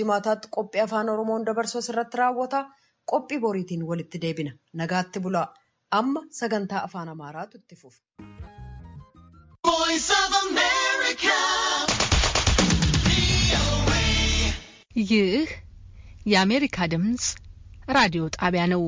Jimaataatti qophii afaan Oromoon dabarsu asirratti raawwata. Qophii boriitiin walitti deebina. Nagaatti bulaa. Amma sagantaa afaan Amaaraatu itti fufa. ይህ የአሜሪካ ድምፅ ራዲዮ na ነው።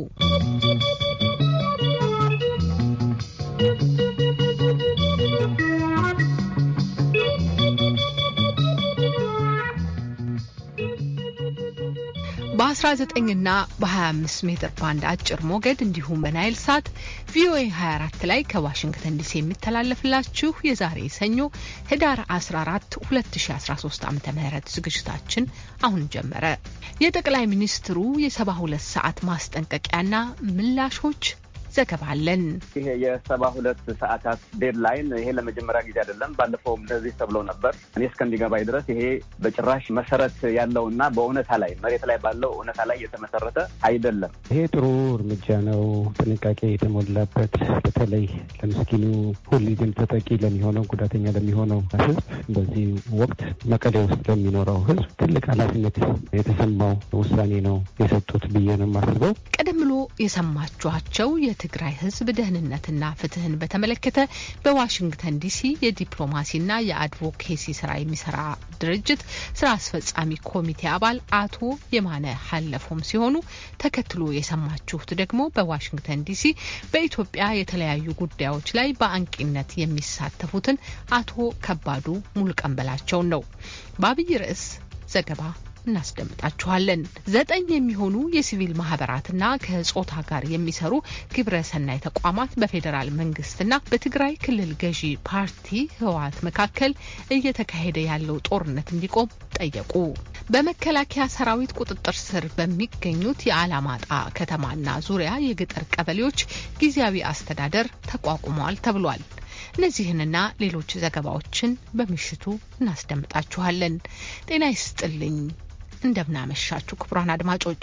በ19ና በ25 ሜትር ባንድ አጭር ሞገድ እንዲሁም በናይል ሳት ቪኦኤ 24 ላይ ከዋሽንግተን ዲሲ የሚተላለፍላችሁ የዛሬ ሰኞ ህዳር 14 2013 ዓ ም ዝግጅታችን አሁን ጀመረ። የጠቅላይ ሚኒስትሩ የ72 ሰዓት ማስጠንቀቂያና ምላሾች ዘገባ አለን። ይሄ የሰባ ሁለት ሰዓታት ዴድላይን ይሄ ለመጀመሪያ ጊዜ አይደለም። ባለፈውም እንደዚህ ተብሎ ነበር። እኔ እስከሚገባኝ ድረስ ይሄ በጭራሽ መሰረት ያለውና በእውነታ ላይ መሬት ላይ ባለው እውነታ ላይ የተመሰረተ አይደለም። ይሄ ጥሩ እርምጃ ነው፣ ጥንቃቄ የተሞላበት በተለይ ለምስኪኑ ሁሊዝም ተጠቂ ለሚሆነው ጉዳተኛ ለሚሆነው ህዝብ በዚህ ወቅት መቀሌ ውስጥ ለሚኖረው ህዝብ ትልቅ ኃላፊነት የተሰማው ውሳኔ ነው የሰጡት ብዬ ነው የማስበው። ቀደም ብሎ የሰማችኋቸው የተ የትግራይ ህዝብ ደህንነትና ፍትህን በተመለከተ በዋሽንግተን ዲሲ የዲፕሎማሲና የአድቮኬሲ ስራ የሚሰራ ድርጅት ስራ አስፈጻሚ ኮሚቴ አባል አቶ የማነ ሀለፎም ሲሆኑ ተከትሎ የሰማችሁት ደግሞ በዋሽንግተን ዲሲ በኢትዮጵያ የተለያዩ ጉዳዮች ላይ በአንቂነት የሚሳተፉትን አቶ ከባዱ ሙሉቀንበላቸውን ነው። በአብይ ርዕስ ዘገባ እናስደምጣችኋለን። ዘጠኝ የሚሆኑ የሲቪል ማህበራትና ከጾታ ጋር የሚሰሩ ግብረ ሰናይ ተቋማት በፌዴራል መንግስትና በትግራይ ክልል ገዢ ፓርቲ ህወሓት መካከል እየተካሄደ ያለው ጦርነት እንዲቆም ጠየቁ። በመከላከያ ሰራዊት ቁጥጥር ስር በሚገኙት የአላማጣ ከተማና ዙሪያ የገጠር ቀበሌዎች ጊዜያዊ አስተዳደር ተቋቁመዋል ተብሏል። እነዚህንና ሌሎች ዘገባዎችን በምሽቱ እናስደምጣችኋለን። ጤና ይስጥልኝ። እንደምናመሻችሁ ክቡራን አድማጮች፣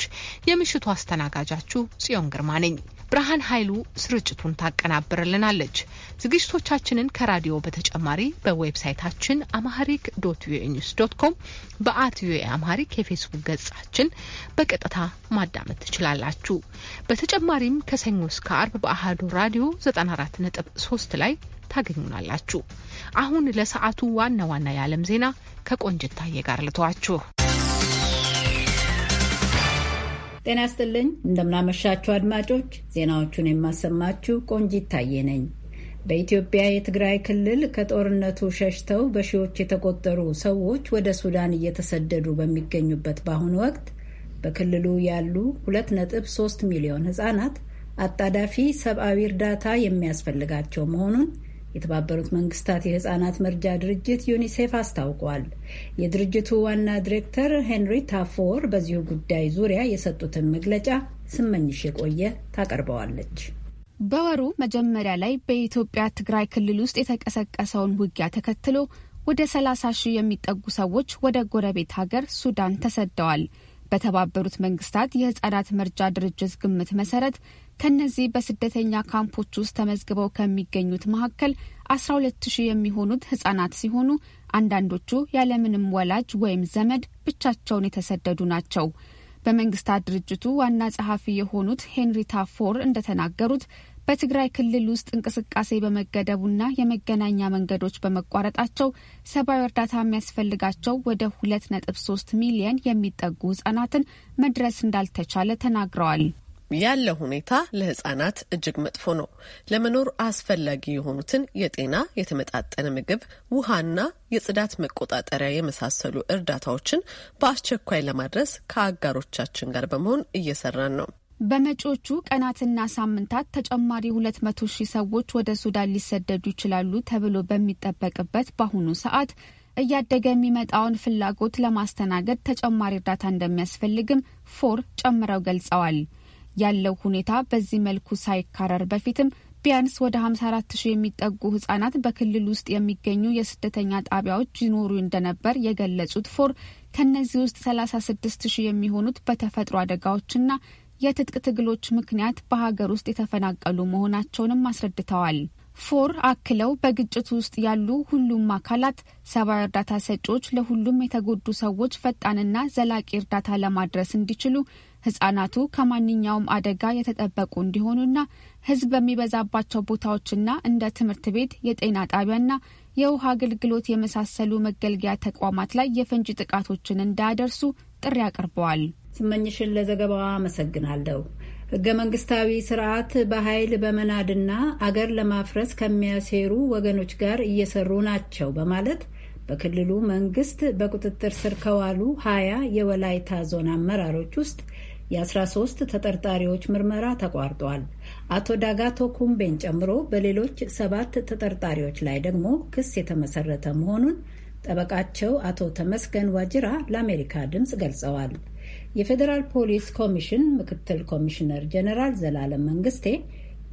የምሽቱ አስተናጋጃችሁ ጽዮን ግርማ ነኝ። ብርሃን ኃይሉ ስርጭቱን ታቀናብርልናለች። ዝግጅቶቻችንን ከራዲዮ በተጨማሪ በዌብሳይታችን አማሪክ ዶት ቪኦኤ ኒውስ ዶት ኮም በአት ቪኦኤ አማሪክ የፌስቡክ ገጻችን በቀጥታ ማዳመጥ ትችላላችሁ። በተጨማሪም ከሰኞ እስከ አርብ በአህዱ ራዲዮ 94.3 ላይ ታገኙናላችሁ። አሁን ለሰዓቱ ዋና ዋና የዓለም ዜና ከቆንጅታዬ ጋር ልተዋችሁ። ጤና ይስጥልኝ። እንደምናመሻችሁ አድማጮች፣ ዜናዎቹን የማሰማችሁ ቆንጂት ታዬ ነኝ። በኢትዮጵያ የትግራይ ክልል ከጦርነቱ ሸሽተው በሺዎች የተቆጠሩ ሰዎች ወደ ሱዳን እየተሰደዱ በሚገኙበት በአሁኑ ወቅት በክልሉ ያሉ 2.3 ሚሊዮን ሕጻናት አጣዳፊ ሰብአዊ እርዳታ የሚያስፈልጋቸው መሆኑን የተባበሩት መንግስታት የህጻናት መርጃ ድርጅት ዩኒሴፍ አስታውቋል። የድርጅቱ ዋና ዲሬክተር ሄንሪ ታፎር በዚሁ ጉዳይ ዙሪያ የሰጡትን መግለጫ ስመኝሽ የቆየ ታቀርበዋለች። በወሩ መጀመሪያ ላይ በኢትዮጵያ ትግራይ ክልል ውስጥ የተቀሰቀሰውን ውጊያ ተከትሎ ወደ 30 ሺህ የሚጠጉ ሰዎች ወደ ጎረቤት ሀገር ሱዳን ተሰደዋል። በተባበሩት መንግስታት የህጻናት መርጃ ድርጅት ግምት መሰረት ከነዚህ በስደተኛ ካምፖች ውስጥ ተመዝግበው ከሚገኙት መካከል 120 ሺህ የሚሆኑት ህጻናት ሲሆኑ አንዳንዶቹ ያለምንም ወላጅ ወይም ዘመድ ብቻቸውን የተሰደዱ ናቸው። በመንግስታት ድርጅቱ ዋና ጸሐፊ የሆኑት ሄንሪታ ፎር እንደተናገሩት በትግራይ ክልል ውስጥ እንቅስቃሴ በመገደቡና የመገናኛ መንገዶች በመቋረጣቸው ሰብአዊ እርዳታ የሚያስፈልጋቸው ወደ ሁለት ነጥብ ሶስት ሚሊየን የሚጠጉ ህጻናትን መድረስ እንዳልተቻለ ተናግረዋል። ያለ ሁኔታ ለህጻናት እጅግ መጥፎ ነው። ለመኖር አስፈላጊ የሆኑትን የጤና፣ የተመጣጠነ ምግብ፣ ውሃና የጽዳት መቆጣጠሪያ የመሳሰሉ እርዳታዎችን በአስቸኳይ ለማድረስ ከአጋሮቻችን ጋር በመሆን እየሰራን ነው። በመጪዎቹ ቀናትና ሳምንታት ተጨማሪ ሁለት መቶ ሺህ ሰዎች ወደ ሱዳን ሊሰደዱ ይችላሉ ተብሎ በሚጠበቅበት በአሁኑ ሰዓት እያደገ የሚመጣውን ፍላጎት ለማስተናገድ ተጨማሪ እርዳታ እንደሚያስፈልግም ፎር ጨምረው ገልጸዋል። ያለው ሁኔታ በዚህ መልኩ ሳይካረር በፊትም ቢያንስ ወደ 54 ሺህ የሚጠጉ ህጻናት በክልል ውስጥ የሚገኙ የስደተኛ ጣቢያዎች ይኖሩ እንደነበር የገለጹት ፎር ከእነዚህ ውስጥ 36 ሺህ የሚሆኑት በተፈጥሮ አደጋዎችና የትጥቅ ትግሎች ምክንያት በሀገር ውስጥ የተፈናቀሉ መሆናቸውንም አስረድተዋል። ፎር አክለው በግጭቱ ውስጥ ያሉ ሁሉም አካላት ሰብአዊ እርዳታ ሰጪዎች ለሁሉም የተጎዱ ሰዎች ፈጣንና ዘላቂ እርዳታ ለማድረስ እንዲችሉ ህጻናቱ ከማንኛውም አደጋ የተጠበቁ እንዲሆኑና ህዝብ በሚበዛባቸው ቦታዎችና እንደ ትምህርት ቤት፣ የጤና ጣቢያና የውሃ አገልግሎት የመሳሰሉ መገልገያ ተቋማት ላይ የፈንጂ ጥቃቶችን እንዳያደርሱ ጥሪ አቅርበዋል። ስመኝሽን ለዘገባዋ አመሰግናለሁ። ህገ መንግስታዊ ስርዓት በኃይል በመናድና አገር ለማፍረስ ከሚያሴሩ ወገኖች ጋር እየሰሩ ናቸው በማለት በክልሉ መንግስት በቁጥጥር ስር ከዋሉ ሀያ የወላይታ ዞን አመራሮች ውስጥ የ13 ተጠርጣሪዎች ምርመራ ተቋርጧል። አቶ ዳጋቶ ኩምቤን ጨምሮ በሌሎች ሰባት ተጠርጣሪዎች ላይ ደግሞ ክስ የተመሰረተ መሆኑን ጠበቃቸው አቶ ተመስገን ዋጅራ ለአሜሪካ ድምፅ ገልጸዋል። የፌዴራል ፖሊስ ኮሚሽን ምክትል ኮሚሽነር ጀነራል ዘላለም መንግስቴ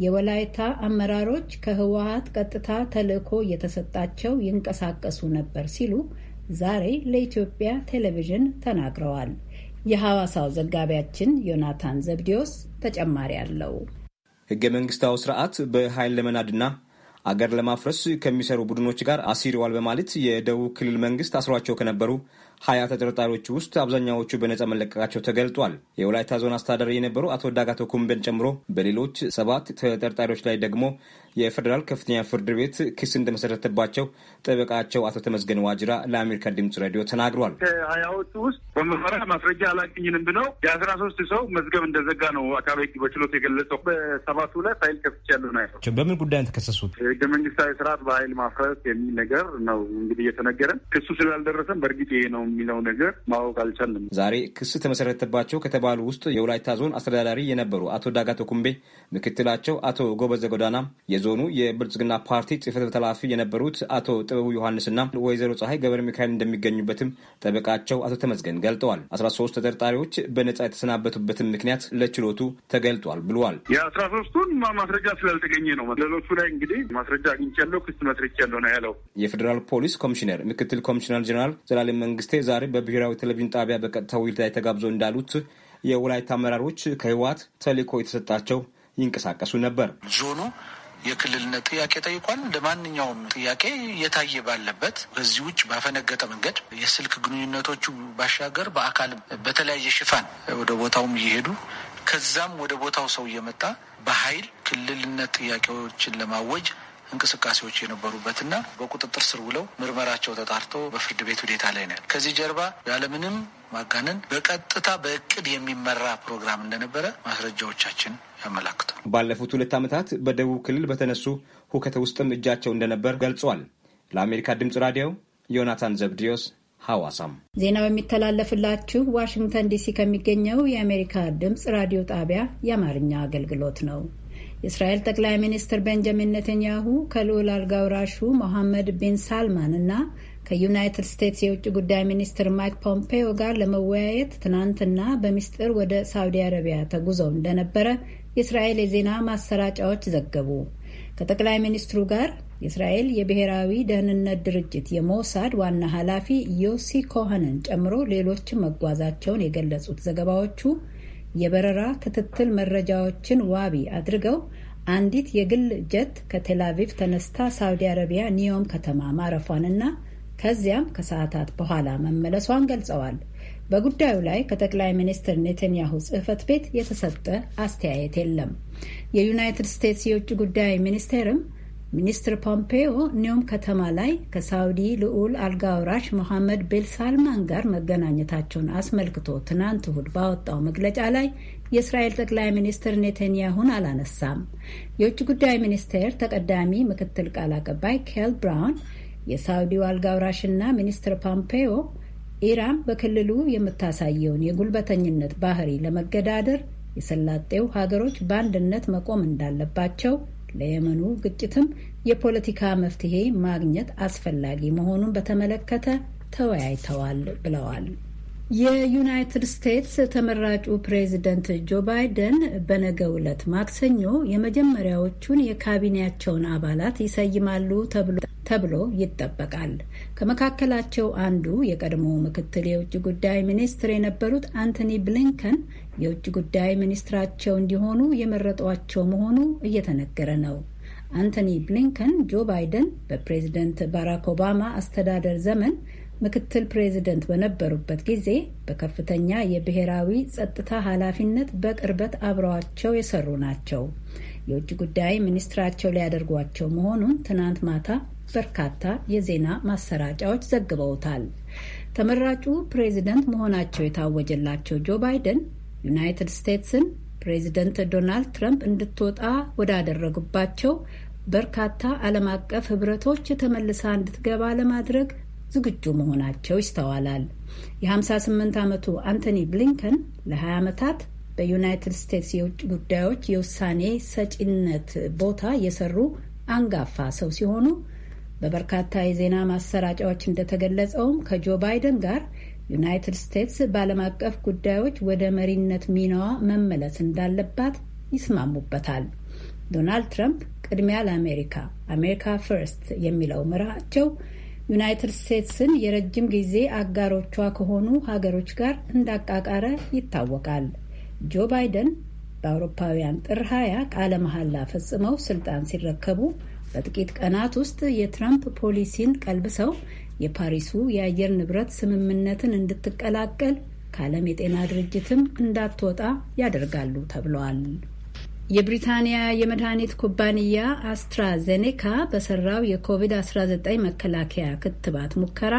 የወላይታ አመራሮች ከህወሀት ቀጥታ ተልዕኮ እየተሰጣቸው ይንቀሳቀሱ ነበር ሲሉ ዛሬ ለኢትዮጵያ ቴሌቪዥን ተናግረዋል። የሐዋሳው ዘጋቢያችን ዮናታን ዘብዲዮስ ተጨማሪ አለው። ህገ መንግስታዊ ስርዓት በኃይል ለመናድና አገር ለማፍረስ ከሚሰሩ ቡድኖች ጋር አሲሪዋል በማለት የደቡብ ክልል መንግስት አስሯቸው ከነበሩ ሀያ ተጠርጣሪዎች ውስጥ አብዛኛዎቹ በነጻ መለቀቃቸው ተገልጧል። የወላይታ ዞን አስተዳደር የነበሩ አቶ ዳጋቶ ኩምቤን ጨምሮ በሌሎች ሰባት ተጠርጣሪዎች ላይ ደግሞ የፌዴራል ከፍተኛ ፍርድ ቤት ክስ እንደመሰረተባቸው ጠበቃቸው አቶ ተመስገን ዋጅራ ለአሜሪካ ድምጽ ሬዲዮ ተናግሯል። ከሀያዎቹ ውስጥ በምርመራ ማስረጃ አላገኝም ብለው የአስራ ሶስት ሰው መዝገብ እንደዘጋ ነው አቃቤ ሕግ በችሎት የገለጸው። በሰባቱ ላይ ፋይል ከፍቻለሁ ነው። በምን ጉዳይ ነው የተከሰሱት? ህገ መንግስታዊ ስርዓት በኃይል ማፍረስ የሚል ነገር ነው እንግዲህ እየተነገረን ክሱ ስላልደረሰን በእርግጥ ይሄ ነው የሚለው ነገር ማወቅ አልቻለም። ዛሬ ክስ ተመሰረተባቸው ከተባሉ ውስጥ የወላይታ ዞን አስተዳዳሪ የነበሩ አቶ ዳጋቶ ኩምቤ ምክትላቸው አቶ ጎበዘ ጎዳና፣ የዞኑ የብልጽግና ፓርቲ ጽህፈት ቤት ኃላፊ የነበሩት አቶ ጥበቡ ዮሐንስና ወይዘሮ ፀሐይ ገብረ ሚካኤል እንደሚገኙበትም ጠበቃቸው አቶ ተመዝገን ገልጠዋል። አስራ ሶስት ተጠርጣሪዎች በነጻ የተሰናበቱበትን ምክንያት ለችሎቱ ተገልጧል ብለዋል። የአስራ ሶስቱን ማስረጃ ስላልተገኘ ነው። ሌሎቹ ላይ እንግዲህ ማስረጃ አግኝቻለሁ፣ ክስ መስርቻለሁ ነው ያለው። የፌዴራል ፖሊስ ኮሚሽነር ምክትል ኮሚሽነር ጀኔራል ዘላለም መንግስቴ ዛሬ በብሔራዊ ቴሌቪዥን ጣቢያ በቀጥታ ውይይት ላይ ተጋብዘው እንዳሉት የወላይታ አመራሮች ከህወሓት ተልዕኮ የተሰጣቸው ይንቀሳቀሱ ነበር። ዞኑ የክልልነት ጥያቄ ጠይቋል። እንደ ማንኛውም ጥያቄ እየታየ ባለበት ከዚህ ውጭ ባፈነገጠ መንገድ የስልክ ግንኙነቶቹ ባሻገር በአካል በተለያየ ሽፋን ወደ ቦታውም እየሄዱ ከዛም ወደ ቦታው ሰው እየመጣ በኃይል ክልልነት ጥያቄዎችን ለማወጅ እንቅስቃሴዎች የነበሩበትና በቁጥጥር ስር ውለው ምርመራቸው ተጣርቶ በፍርድ ቤት ሁኔታ ላይ ነው። ከዚህ ጀርባ ያለምንም ማጋነን በቀጥታ በእቅድ የሚመራ ፕሮግራም እንደነበረ ማስረጃዎቻችን ያመላክታል። ባለፉት ሁለት ዓመታት በደቡብ ክልል በተነሱ ሁከተ ውስጥም እጃቸው እንደነበር ገልጿል። ለአሜሪካ ድምፅ ራዲዮ ዮናታን ዘብዲዮስ ሐዋሳም። ዜናው የሚተላለፍላችሁ ዋሽንግተን ዲሲ ከሚገኘው የአሜሪካ ድምፅ ራዲዮ ጣቢያ የአማርኛ አገልግሎት ነው። የእስራኤል ጠቅላይ ሚኒስትር ቤንጃሚን ኔተንያሁ ከልዑል አልጋ ወራሹ ቢን ሳልማን እና ከዩናይትድ ስቴትስ የውጭ ጉዳይ ሚኒስትር ማይክ ፖምፔዮ ጋር ለመወያየት ትናንትና በሚስጥር ወደ ሳውዲ አረቢያ ተጉዘው እንደነበረ የእስራኤል የዜና ማሰራጫዎች ዘገቡ። ከጠቅላይ ሚኒስትሩ ጋር የእስራኤል የብሔራዊ ደህንነት ድርጅት የሞሳድ ዋና ኃላፊ ዮሲ ኮህንን ጨምሮ ሌሎችም መጓዛቸውን የገለጹት ዘገባዎቹ የበረራ ክትትል መረጃዎችን ዋቢ አድርገው አንዲት የግል ጀት ከቴላቪቭ ተነስታ ሳውዲ አረቢያ ኒዮም ከተማ ማረፏንና ከዚያም ከሰዓታት በኋላ መመለሷን ገልጸዋል። በጉዳዩ ላይ ከጠቅላይ ሚኒስትር ኔተንያሁ ጽህፈት ቤት የተሰጠ አስተያየት የለም። የዩናይትድ ስቴትስ የውጭ ጉዳይ ሚኒስቴርም ሚኒስትር ፖምፔዮ ኒውም ከተማ ላይ ከሳውዲ ልዑል አልጋውራሽ መሐመድ ቤል ሳልማን ጋር መገናኘታቸውን አስመልክቶ ትናንት እሁድ ባወጣው መግለጫ ላይ የእስራኤል ጠቅላይ ሚኒስትር ኔተንያሁን አላነሳም። የውጭ ጉዳይ ሚኒስቴር ተቀዳሚ ምክትል ቃል አቀባይ ኬል ብራውን የሳውዲው አልጋውራሽና ሚኒስትር ፖምፔዮ ኢራን በክልሉ የምታሳየውን የጉልበተኝነት ባህሪ ለመገዳደር የሰላጤው ሀገሮች በአንድነት መቆም እንዳለባቸው ለየመኑ ግጭትም የፖለቲካ መፍትሄ ማግኘት አስፈላጊ መሆኑን በተመለከተ ተወያይተዋል ብለዋል። የዩናይትድ ስቴትስ ተመራጩ ፕሬዚደንት ጆ ባይደን በነገ ዕለት ማክሰኞ የመጀመሪያዎቹን የካቢኔያቸውን አባላት ይሰይማሉ ተብሎ ይጠበቃል። ከመካከላቸው አንዱ የቀድሞ ምክትል የውጭ ጉዳይ ሚኒስትር የነበሩት አንቶኒ ብሊንከን የውጭ ጉዳይ ሚኒስትራቸው እንዲሆኑ የመረጧቸው መሆኑ እየተነገረ ነው። አንቶኒ ብሊንከን ጆ ባይደን በፕሬዚደንት ባራክ ኦባማ አስተዳደር ዘመን ምክትል ፕሬዚደንት በነበሩበት ጊዜ በከፍተኛ የብሔራዊ ጸጥታ ኃላፊነት በቅርበት አብረዋቸው የሰሩ ናቸው። የውጭ ጉዳይ ሚኒስትራቸው ሊያደርጓቸው መሆኑን ትናንት ማታ በርካታ የዜና ማሰራጫዎች ዘግበውታል። ተመራጩ ፕሬዚደንት መሆናቸው የታወጀላቸው ጆ ባይደን ዩናይትድ ስቴትስን ፕሬዚደንት ዶናልድ ትራምፕ እንድትወጣ ወዳደረጉባቸው በርካታ ዓለም አቀፍ ህብረቶች ተመልሳ እንድትገባ ለማድረግ ዝግጁ መሆናቸው ይስተዋላል። የ58 ዓመቱ አንቶኒ ብሊንከን ለ20 ዓመታት በዩናይትድ ስቴትስ የውጭ ጉዳዮች የውሳኔ ሰጪነት ቦታ የሰሩ አንጋፋ ሰው ሲሆኑ በበርካታ የዜና ማሰራጫዎች እንደተገለጸውም ከጆ ባይደን ጋር ዩናይትድ ስቴትስ በዓለም አቀፍ ጉዳዮች ወደ መሪነት ሚናዋ መመለስ እንዳለባት ይስማሙበታል። ዶናልድ ትራምፕ ቅድሚያ ለአሜሪካ አሜሪካ ፈርስት የሚለው መርሃቸው ዩናይትድ ስቴትስን የረጅም ጊዜ አጋሮቿ ከሆኑ ሀገሮች ጋር እንዳቃቃረ ይታወቃል። ጆ ባይደን በአውሮፓውያን ጥር 20 ቃለ መሐላ ፈጽመው ስልጣን ሲረከቡ በጥቂት ቀናት ውስጥ የትራምፕ ፖሊሲን ቀልብሰው የፓሪሱ የአየር ንብረት ስምምነትን እንድትቀላቀል ከዓለም የጤና ድርጅትም እንዳትወጣ ያደርጋሉ ተብለዋል። የብሪታንያ የመድኃኒት ኩባንያ አስትራዜኔካ በሰራው የኮቪድ-19 መከላከያ ክትባት ሙከራ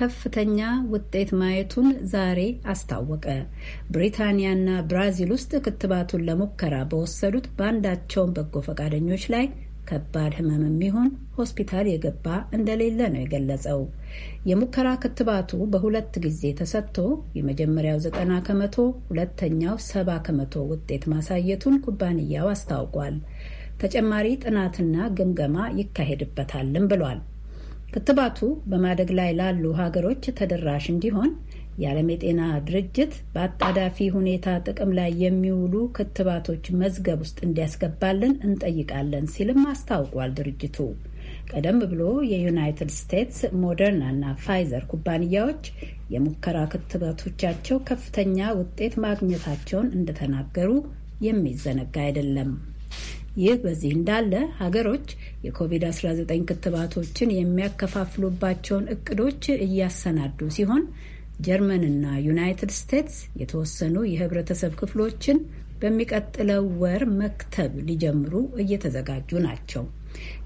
ከፍተኛ ውጤት ማየቱን ዛሬ አስታወቀ። ብሪታንያና ብራዚል ውስጥ ክትባቱን ለሙከራ በወሰዱት በአንዳቸውም በጎ ፈቃደኞች ላይ ከባድ ህመም የሚሆን ሆስፒታል የገባ እንደሌለ ነው የገለጸው። የሙከራ ክትባቱ በሁለት ጊዜ ተሰጥቶ የመጀመሪያው ዘጠና ከመቶ ሁለተኛው ሰባ ከመቶ ውጤት ማሳየቱን ኩባንያው አስታውቋል። ተጨማሪ ጥናትና ግምገማ ይካሄድበታልም ብሏል። ክትባቱ በማደግ ላይ ላሉ ሀገሮች ተደራሽ እንዲሆን የዓለም የጤና ድርጅት በአጣዳፊ ሁኔታ ጥቅም ላይ የሚውሉ ክትባቶች መዝገብ ውስጥ እንዲያስገባልን እንጠይቃለን ሲልም አስታውቋል። ድርጅቱ ቀደም ብሎ የዩናይትድ ስቴትስ ሞደርና እና ፋይዘር ኩባንያዎች የሙከራ ክትባቶቻቸው ከፍተኛ ውጤት ማግኘታቸውን እንደተናገሩ የሚዘነጋ አይደለም። ይህ በዚህ እንዳለ ሀገሮች የኮቪድ-19 ክትባቶችን የሚያከፋፍሉባቸውን እቅዶች እያሰናዱ ሲሆን ጀርመንና ዩናይትድ ስቴትስ የተወሰኑ የህብረተሰብ ክፍሎችን በሚቀጥለው ወር መክተብ ሊጀምሩ እየተዘጋጁ ናቸው።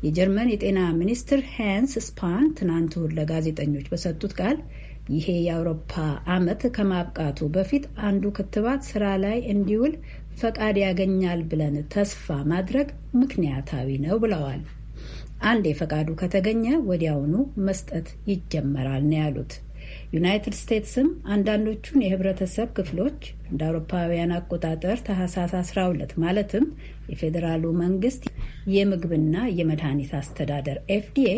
የጀርመን የጤና ሚኒስትር ሃንስ ስፓን ትናንት እሁድ ለጋዜጠኞች በሰጡት ቃል ይሄ የአውሮፓ ዓመት ከማብቃቱ በፊት አንዱ ክትባት ስራ ላይ እንዲውል ፈቃድ ያገኛል ብለን ተስፋ ማድረግ ምክንያታዊ ነው ብለዋል። አንዴ ፈቃዱ ከተገኘ ወዲያውኑ መስጠት ይጀመራል ነው ያሉት። ዩናይትድ ስቴትስም አንዳንዶቹን የህብረተሰብ ክፍሎች እንደ አውሮፓውያን አቆጣጠር ታህሳስ 12 ማለትም የፌዴራሉ መንግስት የምግብና የመድኃኒት አስተዳደር ኤፍዲኤ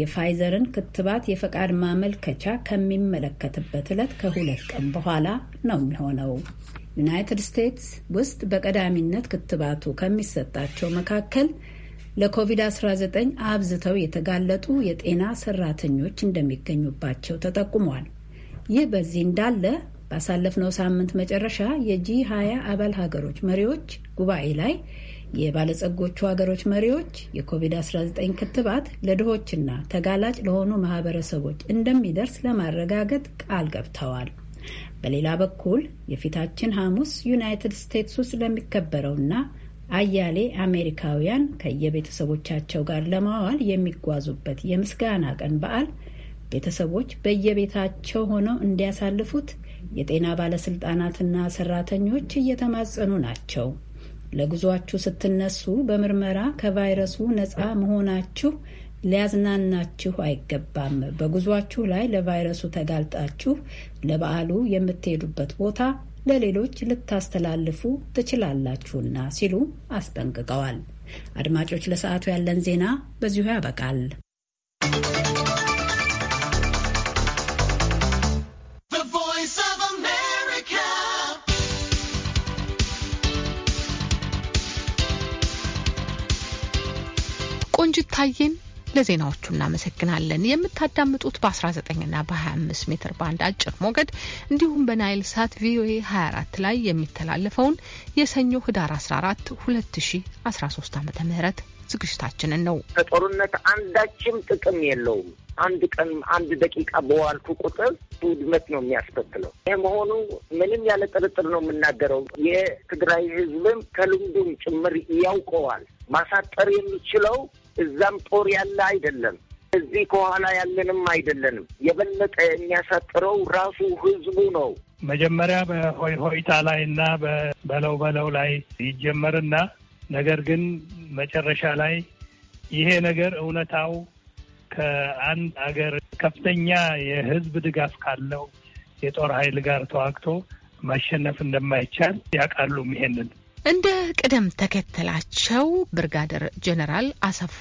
የፋይዘርን ክትባት የፈቃድ ማመልከቻ ከሚመለከትበት ዕለት ከሁለት ቀን በኋላ ነው የሚሆነው። ዩናይትድ ስቴትስ ውስጥ በቀዳሚነት ክትባቱ ከሚሰጣቸው መካከል ለኮቪድ-19 አብዝተው የተጋለጡ የጤና ሰራተኞች እንደሚገኙባቸው ተጠቁሟል። ይህ በዚህ እንዳለ ባሳለፍነው ሳምንት መጨረሻ የጂ 20 አባል ሀገሮች መሪዎች ጉባኤ ላይ የባለጸጎቹ ሀገሮች መሪዎች የኮቪድ-19 ክትባት ለድሆችና ተጋላጭ ለሆኑ ማህበረሰቦች እንደሚደርስ ለማረጋገጥ ቃል ገብተዋል። በሌላ በኩል የፊታችን ሐሙስ ዩናይትድ ስቴትስ ውስጥ ለሚከበረውና አያሌ አሜሪካውያን ከየቤተሰቦቻቸው ጋር ለማዋል የሚጓዙበት የምስጋና ቀን በዓል ቤተሰቦች በየቤታቸው ሆነው እንዲያሳልፉት የጤና ባለስልጣናትና ሰራተኞች እየተማጸኑ ናቸው። ለጉዟችሁ ስትነሱ በምርመራ ከቫይረሱ ነፃ መሆናችሁ ሊያዝናናችሁ አይገባም። በጉዟችሁ ላይ ለቫይረሱ ተጋልጣችሁ ለበዓሉ የምትሄዱበት ቦታ ለሌሎች ልታስተላልፉ ትችላላችሁና ሲሉ አስጠንቅቀዋል። አድማጮች፣ ለሰዓቱ ያለን ዜና በዚሁ ያበቃል። ቆንጂት ታየን ለዜናዎቹ እናመሰግናለን። የምታዳምጡት በ19ና በ25 ሜትር ባንድ አጭር ሞገድ እንዲሁም በናይል ሳት ቪኦኤ 24 ላይ የሚተላለፈውን የሰኞ ህዳር 14 2013 ዓ ም ዝግጅታችንን ነው። ከጦርነት አንዳችም ጥቅም የለውም። አንድ ቀን አንድ ደቂቃ በዋልኩ ቁጥር ውድመት ነው የሚያስከትለው። ይህ መሆኑ ምንም ያለ ጥርጥር ነው የምናገረው። የትግራይ ህዝብም ከልምዱም ጭምር ያውቀዋል። ማሳጠር የሚችለው እዛም ጦር ያለ አይደለም፣ እዚህ ከኋላ ያለንም አይደለንም። የበለጠ የሚያሳጥረው ራሱ ህዝቡ ነው። መጀመሪያ በሆይ ሆይታ ላይ እና በበለው በለው ላይ ይጀመርና ነገር ግን መጨረሻ ላይ ይሄ ነገር እውነታው ከአንድ አገር ከፍተኛ የህዝብ ድጋፍ ካለው የጦር ኃይል ጋር ተዋግቶ ማሸነፍ እንደማይቻል ያውቃሉም ይሄንን እንደ ቅደም ተከተላቸው ብርጋደር ጀነራል አሰፋ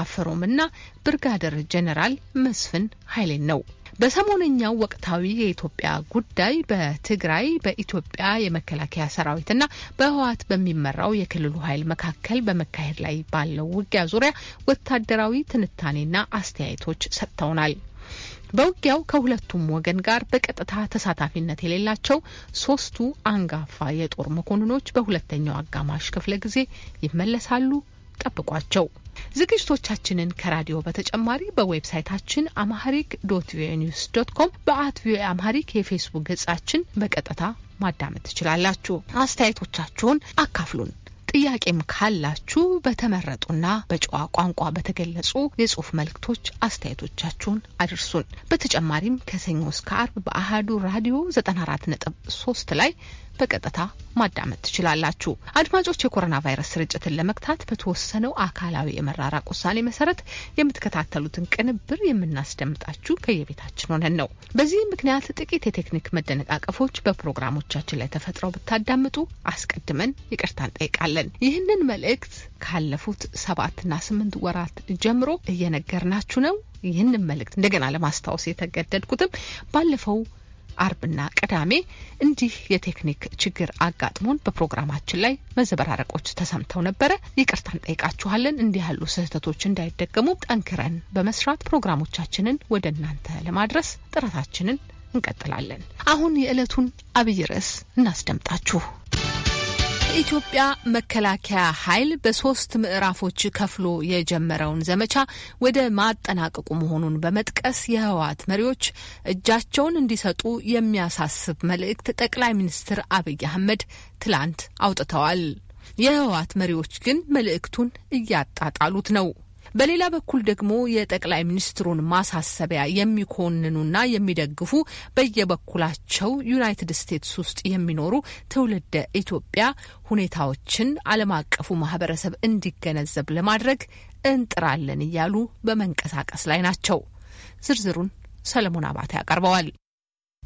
አፈሮምና ብርጋደር ጀነራል መስፍን ኃይሌን ነው። በሰሞነኛው ወቅታዊ የኢትዮጵያ ጉዳይ በትግራይ በኢትዮጵያ የመከላከያ ሰራዊትና በህወሓት በሚመራው የክልሉ ኃይል መካከል በመካሄድ ላይ ባለው ውጊያ ዙሪያ ወታደራዊ ትንታኔና አስተያየቶች ሰጥተውናል። በውጊያው ከሁለቱም ወገን ጋር በቀጥታ ተሳታፊነት የሌላቸው ሶስቱ አንጋፋ የጦር መኮንኖች በሁለተኛው አጋማሽ ክፍለ ጊዜ ይመለሳሉ። ጠብቋቸው። ዝግጅቶቻችንን ከራዲዮ በተጨማሪ በዌብሳይታችን አማሪክ ዶት ቪኦኤ ኒውስ ዶት ኮም በአት ቪኦኤ አማሪክ የፌስቡክ ገጻችን በቀጥታ ማዳመጥ ትችላላችሁ። አስተያየቶቻችሁን አካፍሉን። ጥያቄም ካላችሁ በተመረጡና በጨዋ ቋንቋ በተገለጹ የጽሁፍ መልእክቶች አስተያየቶቻችሁን አድርሱን። በተጨማሪም ከሰኞ እስከ አርብ በአህዱ ራዲዮ 94.3 ላይ በቀጥታ ማዳመጥ ትችላላችሁ። አድማጮች የኮሮና ቫይረስ ስርጭትን ለመግታት በተወሰነው አካላዊ የመራራቅ ውሳኔ መሰረት የምትከታተሉትን ቅንብር የምናስደምጣችሁ ከየቤታችን ሆነን ነው። በዚህም ምክንያት ጥቂት የቴክኒክ መደነቃቀፎች በፕሮግራሞቻችን ላይ ተፈጥረው ብታዳምጡ አስቀድመን ይቅርታ እንጠይቃለን። ይህንን መልእክት ካለፉት ሰባትና ስምንት ወራት ጀምሮ እየነገርናችሁ ነው። ይህንን መልእክት እንደገና ለማስታወስ የተገደድኩትም ባለፈው አርብና ቅዳሜ እንዲህ የቴክኒክ ችግር አጋጥሞን በፕሮግራማችን ላይ መዘበራረቆች ተሰምተው ነበረ። ይቅርታን ጠይቃችኋለን። እንዲህ ያሉ ስህተቶች እንዳይደገሙ ጠንክረን በመስራት ፕሮግራሞቻችንን ወደ እናንተ ለማድረስ ጥረታችንን እንቀጥላለን። አሁን የዕለቱን አብይ ርዕስ እናስደምጣችሁ። የኢትዮጵያ መከላከያ ኃይል በሶስት ምዕራፎች ከፍሎ የጀመረውን ዘመቻ ወደ ማጠናቀቁ መሆኑን በመጥቀስ የህወሓት መሪዎች እጃቸውን እንዲሰጡ የሚያሳስብ መልእክት ጠቅላይ ሚኒስትር አብይ አህመድ ትላንት አውጥተዋል። የህወሓት መሪዎች ግን መልእክቱን እያጣጣሉት ነው። በሌላ በኩል ደግሞ የጠቅላይ ሚኒስትሩን ማሳሰቢያ የሚኮንኑና የሚደግፉ በየበኩላቸው ዩናይትድ ስቴትስ ውስጥ የሚኖሩ ትውልደ ኢትዮጵያ ሁኔታዎችን ዓለም አቀፉ ማህበረሰብ እንዲገነዘብ ለማድረግ እንጥራለን እያሉ በመንቀሳቀስ ላይ ናቸው። ዝርዝሩን ሰለሞን አባተ ያቀርበዋል።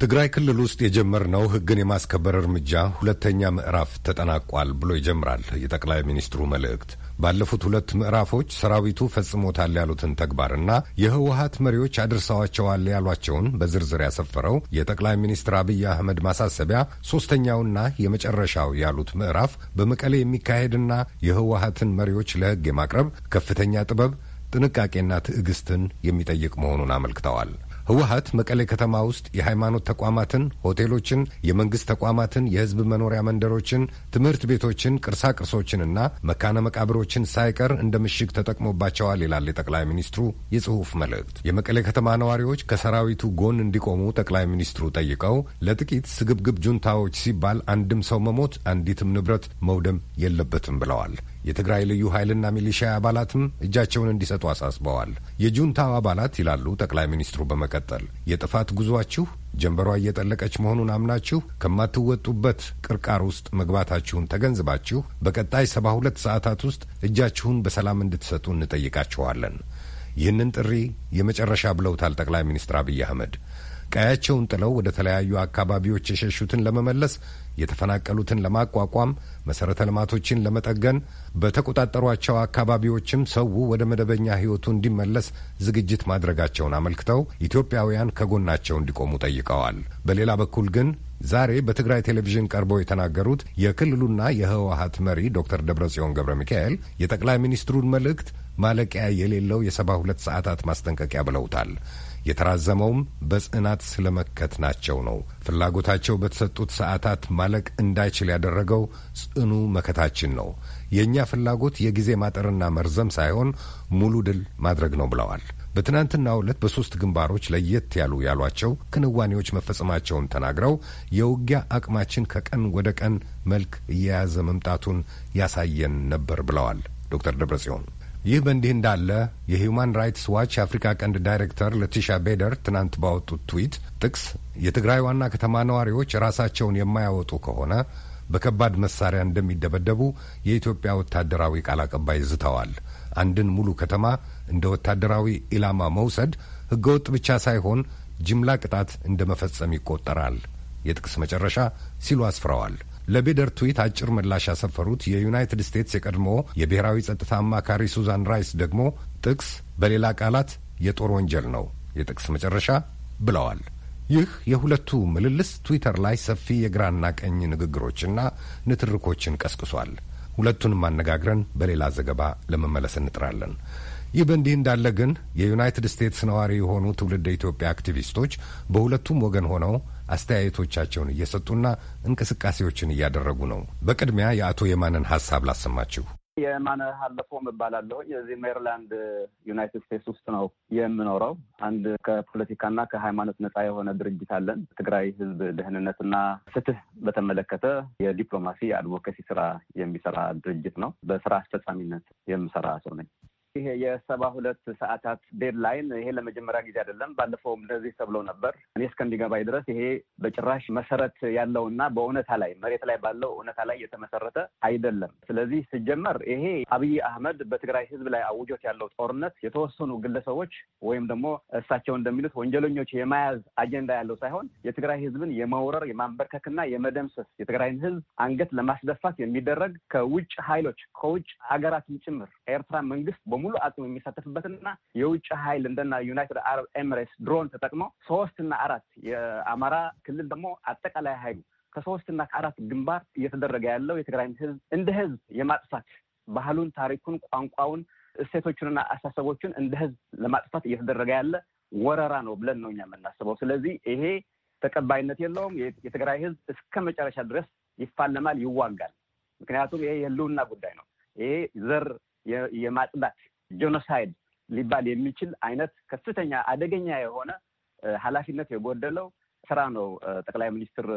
ትግራይ ክልል ውስጥ የጀመርነው ሕግን የማስከበር እርምጃ ሁለተኛ ምዕራፍ ተጠናቋል ብሎ ይጀምራል የጠቅላይ ሚኒስትሩ መልእክት። ባለፉት ሁለት ምዕራፎች ሰራዊቱ ፈጽሞታል ያሉትን ተግባርና የህወሀት መሪዎች አድርሰዋቸዋል ያሏቸውን በዝርዝር ያሰፈረው የጠቅላይ ሚኒስትር አብይ አህመድ ማሳሰቢያ ሶስተኛውና የመጨረሻው ያሉት ምዕራፍ በመቀሌ የሚካሄድና የህወሀትን መሪዎች ለህግ የማቅረብ ከፍተኛ ጥበብ፣ ጥንቃቄና ትዕግስትን የሚጠይቅ መሆኑን አመልክተዋል። ህወሀት መቀሌ ከተማ ውስጥ የሃይማኖት ተቋማትን፣ ሆቴሎችን፣ የመንግስት ተቋማትን፣ የህዝብ መኖሪያ መንደሮችን፣ ትምህርት ቤቶችን፣ ቅርሳ ቅርሶችንና መካነ መቃብሮችን ሳይቀር እንደ ምሽግ ተጠቅሞባቸዋል ይላል የጠቅላይ ሚኒስትሩ የጽሑፍ መልእክት። የመቀሌ ከተማ ነዋሪዎች ከሰራዊቱ ጎን እንዲቆሙ ጠቅላይ ሚኒስትሩ ጠይቀው ለጥቂት ስግብግብ ጁንታዎች ሲባል አንድም ሰው መሞት አንዲትም ንብረት መውደም የለበትም ብለዋል። የትግራይ ልዩ ኃይልና ሚሊሻ አባላትም እጃቸውን እንዲሰጡ አሳስበዋል። የጁንታው አባላት ይላሉ ጠቅላይ ሚኒስትሩ በመቀጠል የጥፋት ጉዟችሁ ጀንበሯ እየጠለቀች መሆኑን አምናችሁ ከማትወጡበት ቅርቃር ውስጥ መግባታችሁን ተገንዝባችሁ በቀጣይ ሰባ ሁለት ሰዓታት ውስጥ እጃችሁን በሰላም እንድትሰጡ እንጠይቃችኋለን። ይህንን ጥሪ የመጨረሻ ብለውታል ጠቅላይ ሚኒስትር አብይ አህመድ። ቀያቸውን ጥለው ወደ ተለያዩ አካባቢዎች የሸሹትን ለመመለስ፣ የተፈናቀሉትን ለማቋቋም፣ መሰረተ ልማቶችን ለመጠገን፣ በተቆጣጠሯቸው አካባቢዎችም ሰው ወደ መደበኛ ሕይወቱ እንዲመለስ ዝግጅት ማድረጋቸውን አመልክተው ኢትዮጵያውያን ከጎናቸው እንዲቆሙ ጠይቀዋል። በሌላ በኩል ግን ዛሬ በትግራይ ቴሌቪዥን ቀርበው የተናገሩት የክልሉና የህወሀት መሪ ዶክተር ደብረጽዮን ገብረ ሚካኤል የጠቅላይ ሚኒስትሩን መልእክት ማለቂያ የሌለው የሰባ ሁለት ሰዓታት ማስጠንቀቂያ ብለውታል። የተራዘመውም በጽናት ስለመከትናቸው ነው። ፍላጎታቸው በተሰጡት ሰዓታት ማለቅ እንዳይችል ያደረገው ጽኑ መከታችን ነው። የእኛ ፍላጎት የጊዜ ማጠርና መርዘም ሳይሆን ሙሉ ድል ማድረግ ነው ብለዋል። በትናንትናው ዕለት በሦስት ግንባሮች ለየት ያሉ ያሏቸው ክንዋኔዎች መፈጸማቸውን ተናግረው የውጊያ አቅማችን ከቀን ወደ ቀን መልክ እየያዘ መምጣቱን ያሳየን ነበር ብለዋል ዶክተር ደብረጽዮን ይህ በእንዲህ እንዳለ የሂዩማን ራይትስ ዋች የአፍሪካ ቀንድ ዳይሬክተር ለቲሻ ቤደር ትናንት ባወጡት ትዊት ጥቅስ የትግራይ ዋና ከተማ ነዋሪዎች ራሳቸውን የማያወጡ ከሆነ በከባድ መሳሪያ እንደሚደበደቡ የኢትዮጵያ ወታደራዊ ቃል አቀባይ ዝተዋል። አንድን ሙሉ ከተማ እንደ ወታደራዊ ኢላማ መውሰድ ህገወጥ ብቻ ሳይሆን ጅምላ ቅጣት እንደ መፈጸም ይቆጠራል። የጥቅስ መጨረሻ ሲሉ አስፍረዋል። ለቤደር ትዊት አጭር ምላሽ ያሰፈሩት የዩናይትድ ስቴትስ የቀድሞ የብሔራዊ ጸጥታ አማካሪ ሱዛን ራይስ ደግሞ ጥቅስ በሌላ ቃላት የጦር ወንጀል ነው የጥቅስ መጨረሻ ብለዋል። ይህ የሁለቱ ምልልስ ትዊተር ላይ ሰፊ የግራና ቀኝ ንግግሮችና ንትርኮችን ቀስቅሷል። ሁለቱንም አነጋግረን በሌላ ዘገባ ለመመለስ እንጥራለን። ይህ በእንዲህ እንዳለ ግን የዩናይትድ ስቴትስ ነዋሪ የሆኑ ትውልድ ኢትዮጵያ አክቲቪስቶች በሁለቱም ወገን ሆነው አስተያየቶቻቸውን እየሰጡና እንቅስቃሴዎችን እያደረጉ ነው። በቅድሚያ የአቶ የማንን ሀሳብ ላሰማችሁ። የማነ ሀለፎም እባላለሁኝ። እዚህ ሜሪላንድ ዩናይትድ ስቴትስ ውስጥ ነው የምኖረው። አንድ ከፖለቲካና ከሃይማኖት ነፃ የሆነ ድርጅት አለን። ትግራይ ሕዝብ ደህንነትና ፍትህ በተመለከተ የዲፕሎማሲ የአድቮኬሲ ስራ የሚሰራ ድርጅት ነው። በስራ አስፈጻሚነት የምሰራ ሰው ነኝ። ይሄ የሰባ ሁለት ሰዓታት ዴድላይን ይሄ ለመጀመሪያ ጊዜ አይደለም። ባለፈውም እንደዚህ ተብሎ ነበር። እኔ እስከሚገባኝ ድረስ ይሄ በጭራሽ መሰረት ያለውና በእውነታ ላይ መሬት ላይ ባለው እውነታ ላይ የተመሰረተ አይደለም። ስለዚህ ሲጀመር ይሄ አብይ አህመድ በትግራይ ህዝብ ላይ አውጆት ያለው ጦርነት የተወሰኑ ግለሰቦች ወይም ደግሞ እሳቸው እንደሚሉት ወንጀለኞች የመያዝ አጀንዳ ያለው ሳይሆን የትግራይ ህዝብን የመውረር የማንበርከክና የመደምሰስ የትግራይን ህዝብ አንገት ለማስደፋት የሚደረግ ከውጭ ኃይሎች ከውጭ ሀገራትን ጭምር ኤርትራ መንግስት በሙ ሙሉ አቅም የሚሳተፍበትና የውጭ ኃይል እንደና ዩናይትድ አረብ ኤምሬትስ ድሮን ተጠቅመው ሶስትና አራት የአማራ ክልል ደግሞ አጠቃላይ ኃይሉ ከሶስትና ከአራት ግንባር እየተደረገ ያለው የትግራይ ህዝብ እንደ ህዝብ የማጥፋት ባህሉን፣ ታሪኩን፣ ቋንቋውን፣ እሴቶቹንና አሳሰቦቹን እንደ ህዝብ ለማጥፋት እየተደረገ ያለ ወረራ ነው ብለን ነው እኛ የምናስበው። ስለዚህ ይሄ ተቀባይነት የለውም። የትግራይ ህዝብ እስከ መጨረሻ ድረስ ይፋለማል፣ ይዋጋል። ምክንያቱም ይሄ የህልውና ጉዳይ ነው። ይሄ ዘር የማጽዳት ጄኖሳይድ ሊባል የሚችል አይነት ከፍተኛ አደገኛ የሆነ ኃላፊነት የጎደለው ስራ ነው ጠቅላይ ሚኒስትር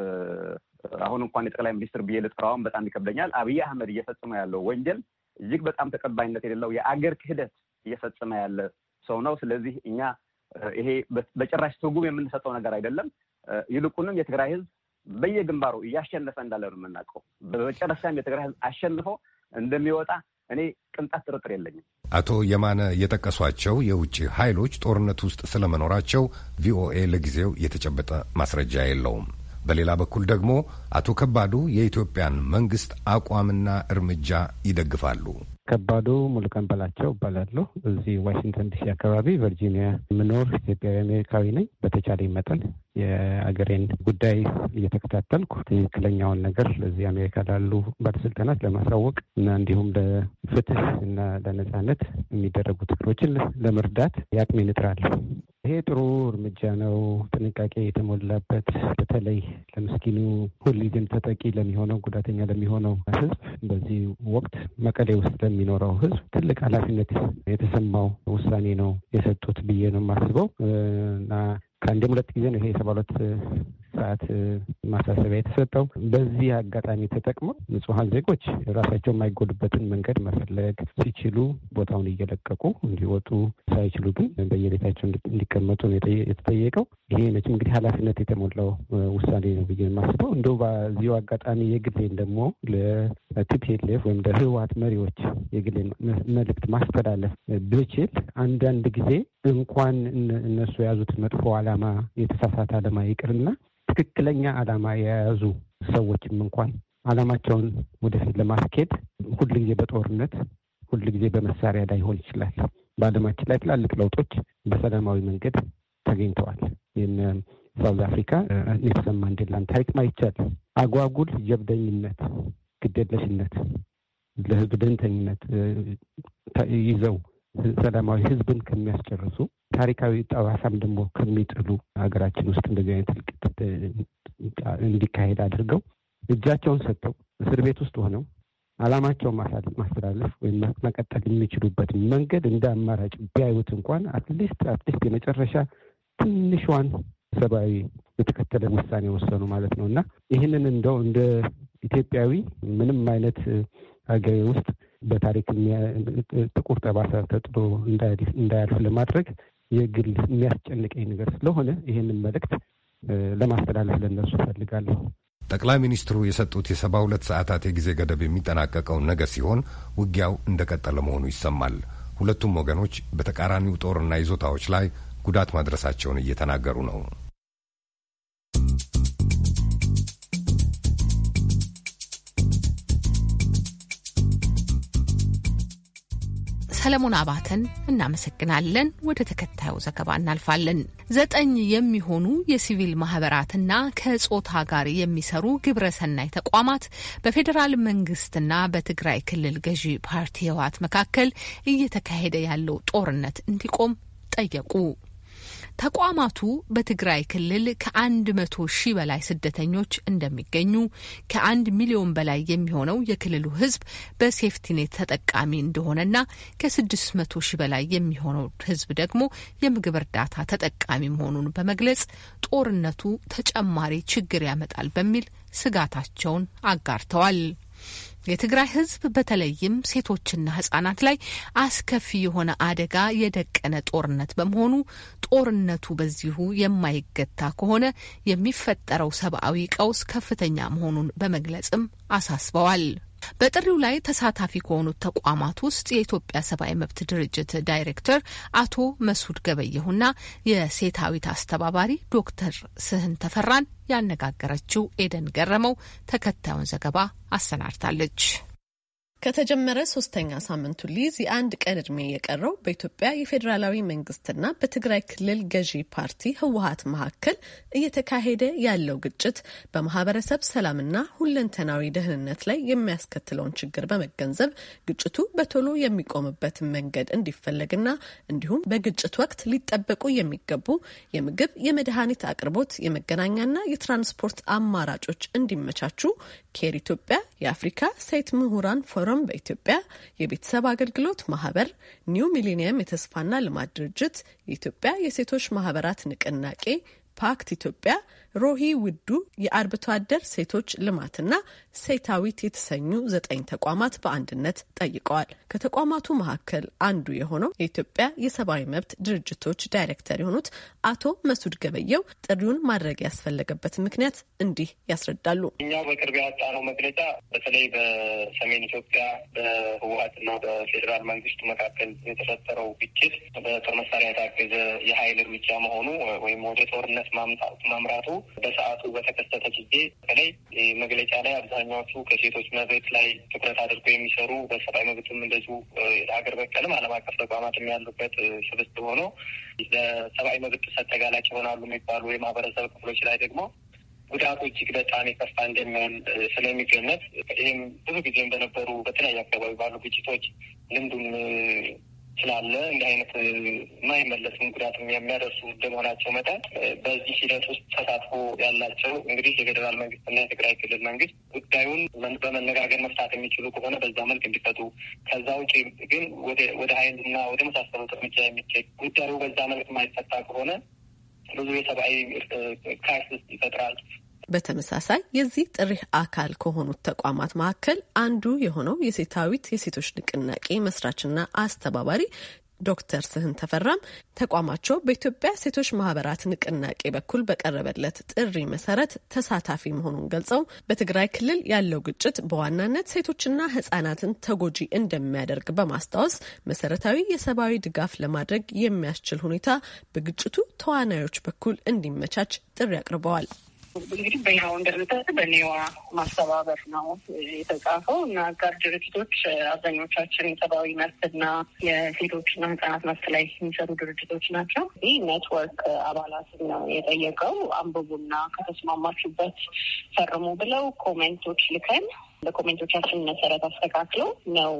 አሁን እንኳን የጠቅላይ ሚኒስትር ብዬ ልጥራውን በጣም ይከብደኛል። አብይ አህመድ እየፈጸመ ያለው ወንጀል እጅግ በጣም ተቀባይነት የሌለው የአገር ክህደት እየፈጸመ ያለ ሰው ነው። ስለዚህ እኛ ይሄ በጭራሽ ትርጉም የምንሰጠው ነገር አይደለም። ይልቁንም የትግራይ ህዝብ በየግንባሩ እያሸነፈ እንዳለ ነው የምናውቀው። በመጨረሻም የትግራይ ህዝብ አሸንፎ እንደሚወጣ እኔ ቅንጣት ጥርጥር የለኝም። አቶ የማነ የጠቀሷቸው የውጭ ኃይሎች ጦርነት ውስጥ ስለመኖራቸው ቪኦኤ ለጊዜው የተጨበጠ ማስረጃ የለውም። በሌላ በኩል ደግሞ አቶ ከባዱ የኢትዮጵያን መንግስት አቋምና እርምጃ ይደግፋሉ። ከባዱ ሙሉቀን በላቸው እባላለሁ። እዚህ ዋሽንግተን ዲሲ አካባቢ ቨርጂኒያ ምኖር ኢትዮጵያዊ አሜሪካዊ ነኝ። በተቻለ መጠን የአገሬን ጉዳይ እየተከታተልኩ ትክክለኛውን ነገር እዚህ አሜሪካ ላሉ ባለስልጣናት ለማሳወቅ እና እንዲሁም ለፍትህ እና ለነጻነት የሚደረጉ ትግሎችን ለመርዳት የአቅሜ እጥራለሁ። ይሄ ጥሩ እርምጃ ነው፣ ጥንቃቄ የተሞላበት በተለይ ለምስኪኑ ሁልጊዜም ተጠቂ ለሚሆነው ጉዳተኛ ለሚሆነው ህዝብ በዚህ ወቅት መቀሌ ውስጥ ለሚ ለሚኖረው ህዝብ ትልቅ ኃላፊነት የተሰማው ውሳኔ ነው የሰጡት ብዬ ነው የማስበው እና ከአንድም ሁለት ጊዜ ነው ይሄ የሰባ ሁለት ሰዓት ማሳሰቢያ የተሰጠው። በዚህ አጋጣሚ ተጠቅመው ንጹሐን ዜጎች ራሳቸው የማይጎዱበትን መንገድ መፈለግ ሲችሉ ቦታውን እየለቀቁ እንዲወጡ፣ ሳይችሉ ግን በየቤታቸው እንዲቀመጡ ነው የተጠየቀው። ይሄ መቼም እንግዲህ ኃላፊነት የተሞላው ውሳኔ ነው ብዬ የማስበው። እንደው በዚሁ አጋጣሚ የግሌን ደግሞ ለቲፒኤልኤፍ ወይም ለህወሓት መሪዎች የግሌን መልእክት ማስተላለፍ ብችል አንዳንድ ጊዜ እንኳን እነሱ የያዙትን መጥፎ አላ አላማ የተሳሳተ አላማ ይቅርና ትክክለኛ አላማ የያዙ ሰዎችም እንኳን አላማቸውን ወደፊት ለማስኬድ ሁል ጊዜ በጦርነት ሁል ጊዜ በመሳሪያ ላይሆን ይችላል። በአለማችን ላይ ትላልቅ ለውጦች በሰላማዊ መንገድ ተገኝተዋል። ይህን ሳውዝ አፍሪካ ኔልሰን ማንዴላን ታሪክ ማይቻል አጓጉል ጀብደኝነት፣ ግደለሽነት፣ ለህዝብ ደንተኝነት ይዘው ሰላማዊ ህዝብን ከሚያስጨርሱ ታሪካዊ ጠባሳም ደግሞ ከሚጥሉ ሀገራችን ውስጥ እንደዚህ አይነት እልቂት እንዲካሄድ አድርገው እጃቸውን ሰጥተው እስር ቤት ውስጥ ሆነው አላማቸውን ማስተላለፍ ወይም መቀጠል የሚችሉበት መንገድ እንደ አማራጭ ቢያዩት እንኳን አትሊስት አትሊስት የመጨረሻ ትንሿን ሰብአዊ የተከተለ ውሳኔ የወሰኑ ማለት ነው እና ይህንን እንደው እንደ ኢትዮጵያዊ ምንም አይነት ሀገሬ ውስጥ በታሪክ ጥቁር ጠባሳ ተጥሎ እንዳያልፍ ለማድረግ የግል የሚያስጨንቀኝ ነገር ስለሆነ ይህንን መልእክት ለማስተላለፍ ለነሱ እፈልጋለሁ። ጠቅላይ ሚኒስትሩ የሰጡት የሰባ ሁለት ሰዓታት የጊዜ ገደብ የሚጠናቀቀው ነገ ሲሆን ውጊያው እንደቀጠለ መሆኑ ይሰማል። ሁለቱም ወገኖች በተቃራኒው ጦርና ይዞታዎች ላይ ጉዳት ማድረሳቸውን እየተናገሩ ነው። ሰለሞን አባተን እናመሰግናለን። ወደ ተከታዩ ዘገባ እናልፋለን። ዘጠኝ የሚሆኑ የሲቪል ማህበራትና ከጾታ ጋር የሚሰሩ ግብረሰናይ ተቋማት በፌዴራል መንግስትና በትግራይ ክልል ገዢ ፓርቲ ህወሓት መካከል እየተካሄደ ያለው ጦርነት እንዲቆም ጠየቁ። ተቋማቱ በትግራይ ክልል ከአንድ መቶ ሺህ በላይ ስደተኞች እንደሚገኙ፣ ከአንድ ሚሊዮን በላይ የሚሆነው የክልሉ ሕዝብ በሴፍቲኔት ተጠቃሚ እንደሆነና ከስድስት መቶ ሺህ በላይ የሚሆነው ሕዝብ ደግሞ የምግብ እርዳታ ተጠቃሚ መሆኑን በመግለጽ ጦርነቱ ተጨማሪ ችግር ያመጣል በሚል ስጋታቸውን አጋርተዋል። የትግራይ ህዝብ በተለይም ሴቶችና ህጻናት ላይ አስከፊ የሆነ አደጋ የደቀነ ጦርነት በመሆኑ ጦርነቱ በዚሁ የማይገታ ከሆነ የሚፈጠረው ሰብአዊ ቀውስ ከፍተኛ መሆኑን በመግለጽም አሳስበዋል። በጥሪው ላይ ተሳታፊ ከሆኑት ተቋማት ውስጥ የኢትዮጵያ ሰብአዊ መብት ድርጅት ዳይሬክተር አቶ መስሁድ ገበየሁና የሴታዊት አስተባባሪ ዶክተር ስህን ተፈራን ያነጋገረችው ኤደን ገረመው ተከታዩን ዘገባ አሰናድታለች። ከተጀመረ ሶስተኛ ሳምንቱ ሊይዝ የአንድ ቀን እድሜ የቀረው በኢትዮጵያ የፌዴራላዊ መንግስትና በትግራይ ክልል ገዢ ፓርቲ ህወሀት መካከል እየተካሄደ ያለው ግጭት በማህበረሰብ ሰላምና ሁለንተናዊ ደህንነት ላይ የሚያስከትለውን ችግር በመገንዘብ ግጭቱ በቶሎ የሚቆምበትን መንገድ እንዲፈለግና እንዲሁም በግጭት ወቅት ሊጠበቁ የሚገቡ የምግብ፣ የመድኃኒት አቅርቦት፣ የመገናኛና የትራንስፖርት አማራጮች እንዲመቻቹ ኬር ኢትዮጵያ የአፍሪካ ሴት ምሁራን ፎረም ፕሮግራም በኢትዮጵያ የቤተሰብ አገልግሎት ማህበር፣ ኒው ሚሊኒየም የተስፋና ልማት ድርጅት፣ የኢትዮጵያ የሴቶች ማህበራት ንቅናቄ፣ ፓክት ኢትዮጵያ ሮሂ ውዱ የአርብቶ አደር ሴቶች ልማትና ሴታዊት የተሰኙ ዘጠኝ ተቋማት በአንድነት ጠይቀዋል። ከተቋማቱ መካከል አንዱ የሆነው የኢትዮጵያ የሰብአዊ መብት ድርጅቶች ዳይሬክተር የሆኑት አቶ መሱድ ገበየው ጥሪውን ማድረግ ያስፈለገበት ምክንያት እንዲህ ያስረዳሉ። እኛው በቅርብ ያወጣነው መግለጫ በተለይ በሰሜን ኢትዮጵያ በህወሀትና በፌዴራል መንግስት መካከል የተፈጠረው ግጭት በጦር መሳሪያ የታገዘ የሀይል እርምጃ መሆኑ ወይም ወደ ጦርነት ማምራቱ በሰዓቱ በተከሰተ ጊዜ በተለይ መግለጫ ላይ አብዛኛዎቹ ከሴቶች መብት ላይ ትኩረት አድርጎ የሚሰሩ በሰብአዊ መብትም እንደዚሁ ሀገር በቀልም ዓለም አቀፍ ተቋማትም ያሉበት ስብስብ ሆኖ ለሰብአዊ መብት ጥሰት ተጋላጭ ይሆናሉ የሚባሉ የማህበረሰብ ክፍሎች ላይ ደግሞ ጉዳቱ እጅግ በጣም የከፋ እንደሚሆን ስለሚገመት ይህም ብዙ ጊዜም በነበሩ በተለያዩ አካባቢ ባሉ ግጭቶች ልምዱን ስላለ እንዲህ አይነት የማይመለስም ጉዳትም የሚያደርሱ እንደመሆናቸው መጠን በዚህ ሂደት ውስጥ ተሳትፎ ያላቸው እንግዲህ የፌዴራል መንግስትና የትግራይ ክልል መንግስት ጉዳዩን በመነጋገር መፍታት የሚችሉ ከሆነ በዛ መልክ እንዲፈቱ፣ ከዛ ውጭ ግን ወደ ሀይልና ወደ መሳሰሉት እርምጃ የሚገኝ ጉዳዩ በዛ መልክ የማይፈታ ከሆነ ብዙ የሰብአዊ ክራይሲስ ይፈጥራል። በተመሳሳይ የዚህ ጥሪ አካል ከሆኑት ተቋማት መካከል አንዱ የሆነው የሴታዊት የሴቶች ንቅናቄ መስራችና አስተባባሪ ዶክተር ስህን ተፈራም ተቋማቸው በኢትዮጵያ ሴቶች ማህበራት ንቅናቄ በኩል በቀረበለት ጥሪ መሰረት ተሳታፊ መሆኑን ገልጸው በትግራይ ክልል ያለው ግጭት በዋናነት ሴቶችና ህጻናትን ተጎጂ እንደሚያደርግ በማስታወስ መሰረታዊ የሰብአዊ ድጋፍ ለማድረግ የሚያስችል ሁኔታ በግጭቱ ተዋናዮች በኩል እንዲመቻች ጥሪ አቅርበዋል። እንግዲህ በይናው እንደምጠቅ በኔዋ ማስተባበር ነው የተጻፈው እና አጋር ድርጅቶች አብዛኞቻችን የሰብአዊ መብትና የሴቶችና ህጻናት መብት ላይ የሚሰሩ ድርጅቶች ናቸው። ይህ ኔትወርክ አባላት ነው የጠየቀው። አንብቡና ከተስማማችሁበት ፈርሙ ብለው ኮሜንቶች ልከን በኮሜንቶቻችን መሰረት አስተካክለው ነው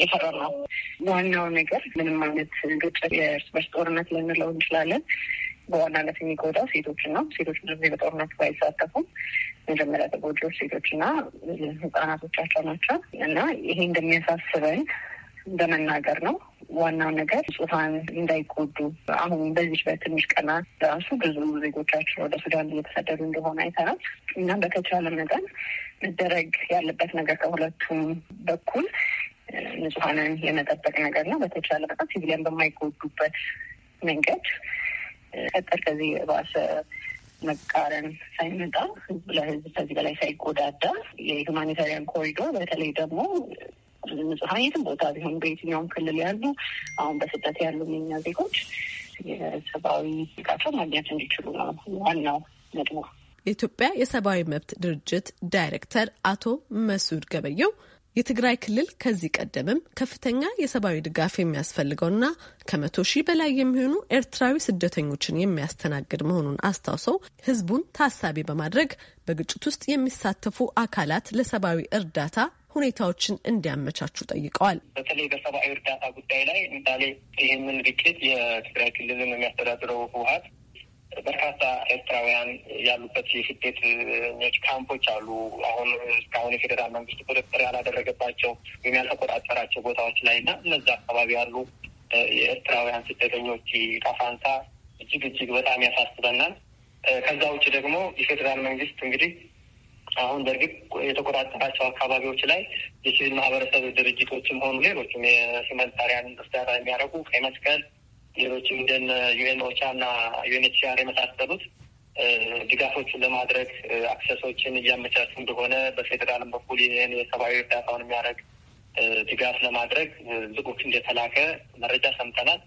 የፈረመው ዋናው ነገር ምንም አይነት ግጭት፣ የእርስ በርስ ጦርነት ልንለው እንችላለን በዋናነት የሚጎዳው ነው። ሴቶች ብዙ ጊዜ በጦርነቱ ባይሳተፉም መጀመሪያ ተጎጂዎች ሴቶችና ህጻናቶቻቸው ናቸው እና ይሄ እንደሚያሳስበን በመናገር ነው። ዋናው ነገር ጽፋን እንዳይጎዱ አሁን በዚህ በትንሽ ቀናት ራሱ ብዙ ዜጎቻችን ወደ ሱዳን እየተሰደዱ እንደሆነ አይተናል እና በተቻለ መጠን መደረግ ያለበት ነገር ከሁለቱም በኩል ንጹሐንን የመጠበቅ ነገር ነው። በተቻለ መጠን ሲቪሊያን በማይጎዱበት መንገድ ቀጠል ከዚህ የባሰ መቃረን ሳይመጣ ህዝብ ለህዝብ ከዚህ በላይ ሳይጎዳዳ የሁማኒታሪያን ኮሪዶር በተለይ ደግሞ ንጹሐን የትም ቦታ ቢሆን በየትኛውም ክልል ያሉ አሁን በስደት ያሉ የኛ ዜጎች የሰብአዊ ጥቃቸው ማግኘት እንዲችሉ ነው ዋናው ነጥቡ። የኢትዮጵያ የሰብአዊ መብት ድርጅት ዳይሬክተር አቶ መስዑድ ገበየው የትግራይ ክልል ከዚህ ቀደምም ከፍተኛ የሰብአዊ ድጋፍ የሚያስፈልገውና ከመቶ ሺህ በላይ የሚሆኑ ኤርትራዊ ስደተኞችን የሚያስተናግድ መሆኑን አስታውሰው ህዝቡን ታሳቢ በማድረግ በግጭት ውስጥ የሚሳተፉ አካላት ለሰብአዊ እርዳታ ሁኔታዎችን እንዲያመቻቹ ጠይቀዋል። በተለይ በሰብአዊ እርዳታ ጉዳይ ላይ ምሳሌ ይህንን ግጭት የትግራይ ክልልን የሚያስተዳድረው ህወሀት በርካታ ኤርትራውያን ያሉበት የስደተኞች ካምፖች አሉ። አሁን እስካሁን የፌዴራል መንግስት ቁጥጥር ያላደረገባቸው ወይም ያልተቆጣጠራቸው ቦታዎች ላይ እና እነዚ አካባቢ ያሉ የኤርትራውያን ስደተኞች ጣፋንታ እጅግ እጅግ በጣም ያሳስበናል። ከዛ ውጭ ደግሞ የፌዴራል መንግስት እንግዲህ አሁን በእርግጥ የተቆጣጠራቸው አካባቢዎች ላይ የሲቪል ማህበረሰብ ድርጅቶችም ሆኑ ሌሎችም የሂውማኒታሪያን እርዳታ የሚያደርጉ ቀይ መስቀል ሌሎችም እንደነ ዩኤን ኦቻ እና ዩኤንኤችሲአር የመሳሰሉት ድጋፎችን ለማድረግ አክሰሶችን እያመቻቹ እንደሆነ በፌዴራልም በኩል ይህን የሰብአዊ እርዳታውን የሚያደርግ ድጋፍ ለማድረግ ዝቁፍ እንደተላከ መረጃ ሰምተናል።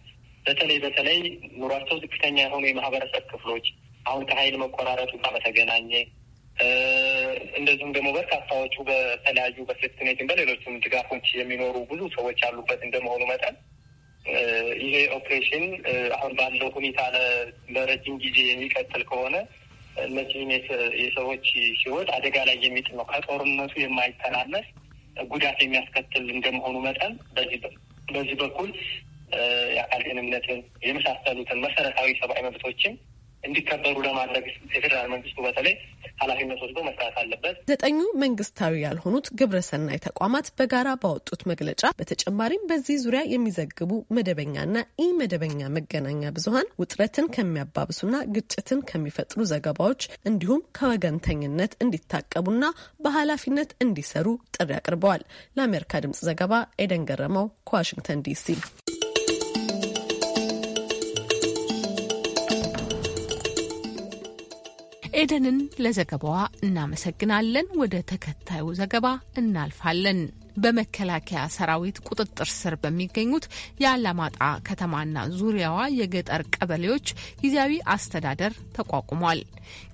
በተለይ በተለይ ኑሯቸው ዝቅተኛ የሆኑ የማህበረሰብ ክፍሎች አሁን ከሀይል መቆራረጡ ጋር በተገናኘ እንደዚሁም ደግሞ በርካታዎቹ በተለያዩ በሴፍትኔትም በሌሎችም ድጋፎች የሚኖሩ ብዙ ሰዎች ያሉበት እንደመሆኑ መጠን ይሄ ኦፕሬሽን አሁን ባለው ሁኔታ ለረጅም ጊዜ የሚቀጥል ከሆነ እነዚህም የሰዎች ሕይወት አደጋ ላይ የሚጥል ነው። ከጦርነቱ የማይተናነስ ጉዳት የሚያስከትል እንደመሆኑ መጠን በዚህ በኩል የአካል ጤንነትን የመሳሰሉትን መሰረታዊ ሰብአዊ መብቶችን እንዲከበሩ ለማድረግ የፌዴራል መንግስቱ በተለይ ኃላፊነት ወስዶ መስራት አለበት። ዘጠኙ መንግስታዊ ያልሆኑት ግብረሰናይ ተቋማት በጋራ ባወጡት መግለጫ በተጨማሪም በዚህ ዙሪያ የሚዘግቡ መደበኛና ኢ መደበኛ መገናኛ ብዙሀን ውጥረትን ከሚያባብሱና ግጭትን ከሚፈጥሩ ዘገባዎች እንዲሁም ከወገንተኝነት እንዲታቀቡና በኃላፊነት እንዲሰሩ ጥሪ አቅርበዋል። ለአሜሪካ ድምጽ ዘገባ ኤደን ገረመው ከዋሽንግተን ዲሲ ኤደንን ለዘገባዋ እናመሰግናለን። ወደ ተከታዩ ዘገባ እናልፋለን። በመከላከያ ሰራዊት ቁጥጥር ስር በሚገኙት የአላማጣ ከተማና ዙሪያዋ የገጠር ቀበሌዎች ጊዜያዊ አስተዳደር ተቋቁሟል።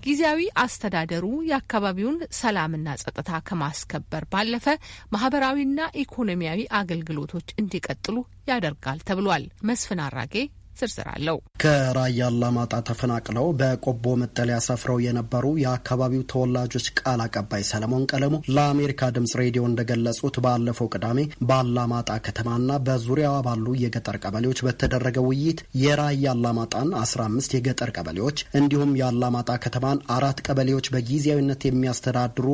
ጊዜያዊ አስተዳደሩ የአካባቢውን ሰላምና ጸጥታ ከማስከበር ባለፈ ማህበራዊና ኢኮኖሚያዊ አገልግሎቶች እንዲቀጥሉ ያደርጋል ተብሏል። መስፍን አራጌ ዝርዝር አለው። ከራያ አላማጣ ተፈናቅለው በቆቦ መጠለያ ሰፍረው የነበሩ የአካባቢው ተወላጆች ቃል አቀባይ ሰለሞን ቀለሙ ለአሜሪካ ድምጽ ሬዲዮ እንደገለጹት ባለፈው ቅዳሜ በአላማጣ ከተማና በዙሪያዋ ባሉ የገጠር ቀበሌዎች በተደረገ ውይይት የራያ አላማጣን 15 የገጠር ቀበሌዎች እንዲሁም የአላማጣ ከተማን አራት ቀበሌዎች በጊዜያዊነት የሚያስተዳድሩ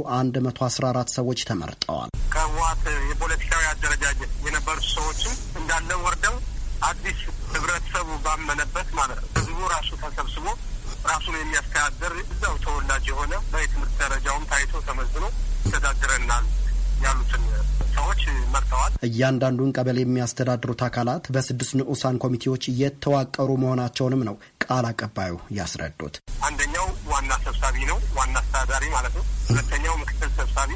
114 ሰዎች ተመርጠዋል። ከህወሓት የፖለቲካዊ አደረጃጀት የነበሩ ሰዎችም እንዳለ ወርደው አዲስ ህብረተሰቡ ባመነበት ማለት ነው። ህዝቡ ራሱ ተሰብስቦ ራሱን የሚያስተዳድር እዛው ተወላጅ የሆነ በትምህርት ደረጃውም ታይቶ ተመዝኖ ይተዳድረናል ያሉትን ሰዎች መርተዋል። እያንዳንዱን ቀበሌ የሚያስተዳድሩት አካላት በስድስት ንዑሳን ኮሚቴዎች የተዋቀሩ መሆናቸውንም ነው ቃል አቀባዩ ያስረዱት። አንደኛው ዋና ሰብሳቢ ነው፣ ዋና አስተዳዳሪ ማለት ነው። ሁለተኛው ምክትል ሰብሳቢ፣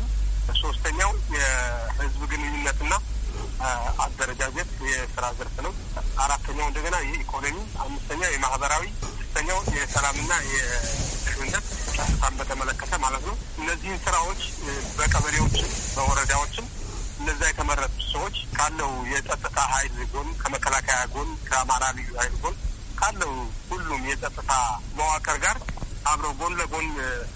ሶስተኛው የህዝብ ግንኙነትና አደረጃጀት የስራ ዘርፍ ነው። አራተኛው እንደገና የኢኮኖሚ፣ አምስተኛው የማህበራዊ፣ ስተኛው የሰላምና የሽውነት ጸጥታን በተመለከተ ማለት ነው። እነዚህን ስራዎች በቀበሌዎችም በወረዳዎችም እነዛ የተመረጡ ሰዎች ካለው የጸጥታ ኃይል ጎን ከመከላከያ ጎን ከአማራ ልዩ ኃይል ጎን ካለው ሁሉም የጸጥታ መዋቅር ጋር አብረው ጎን ለጎን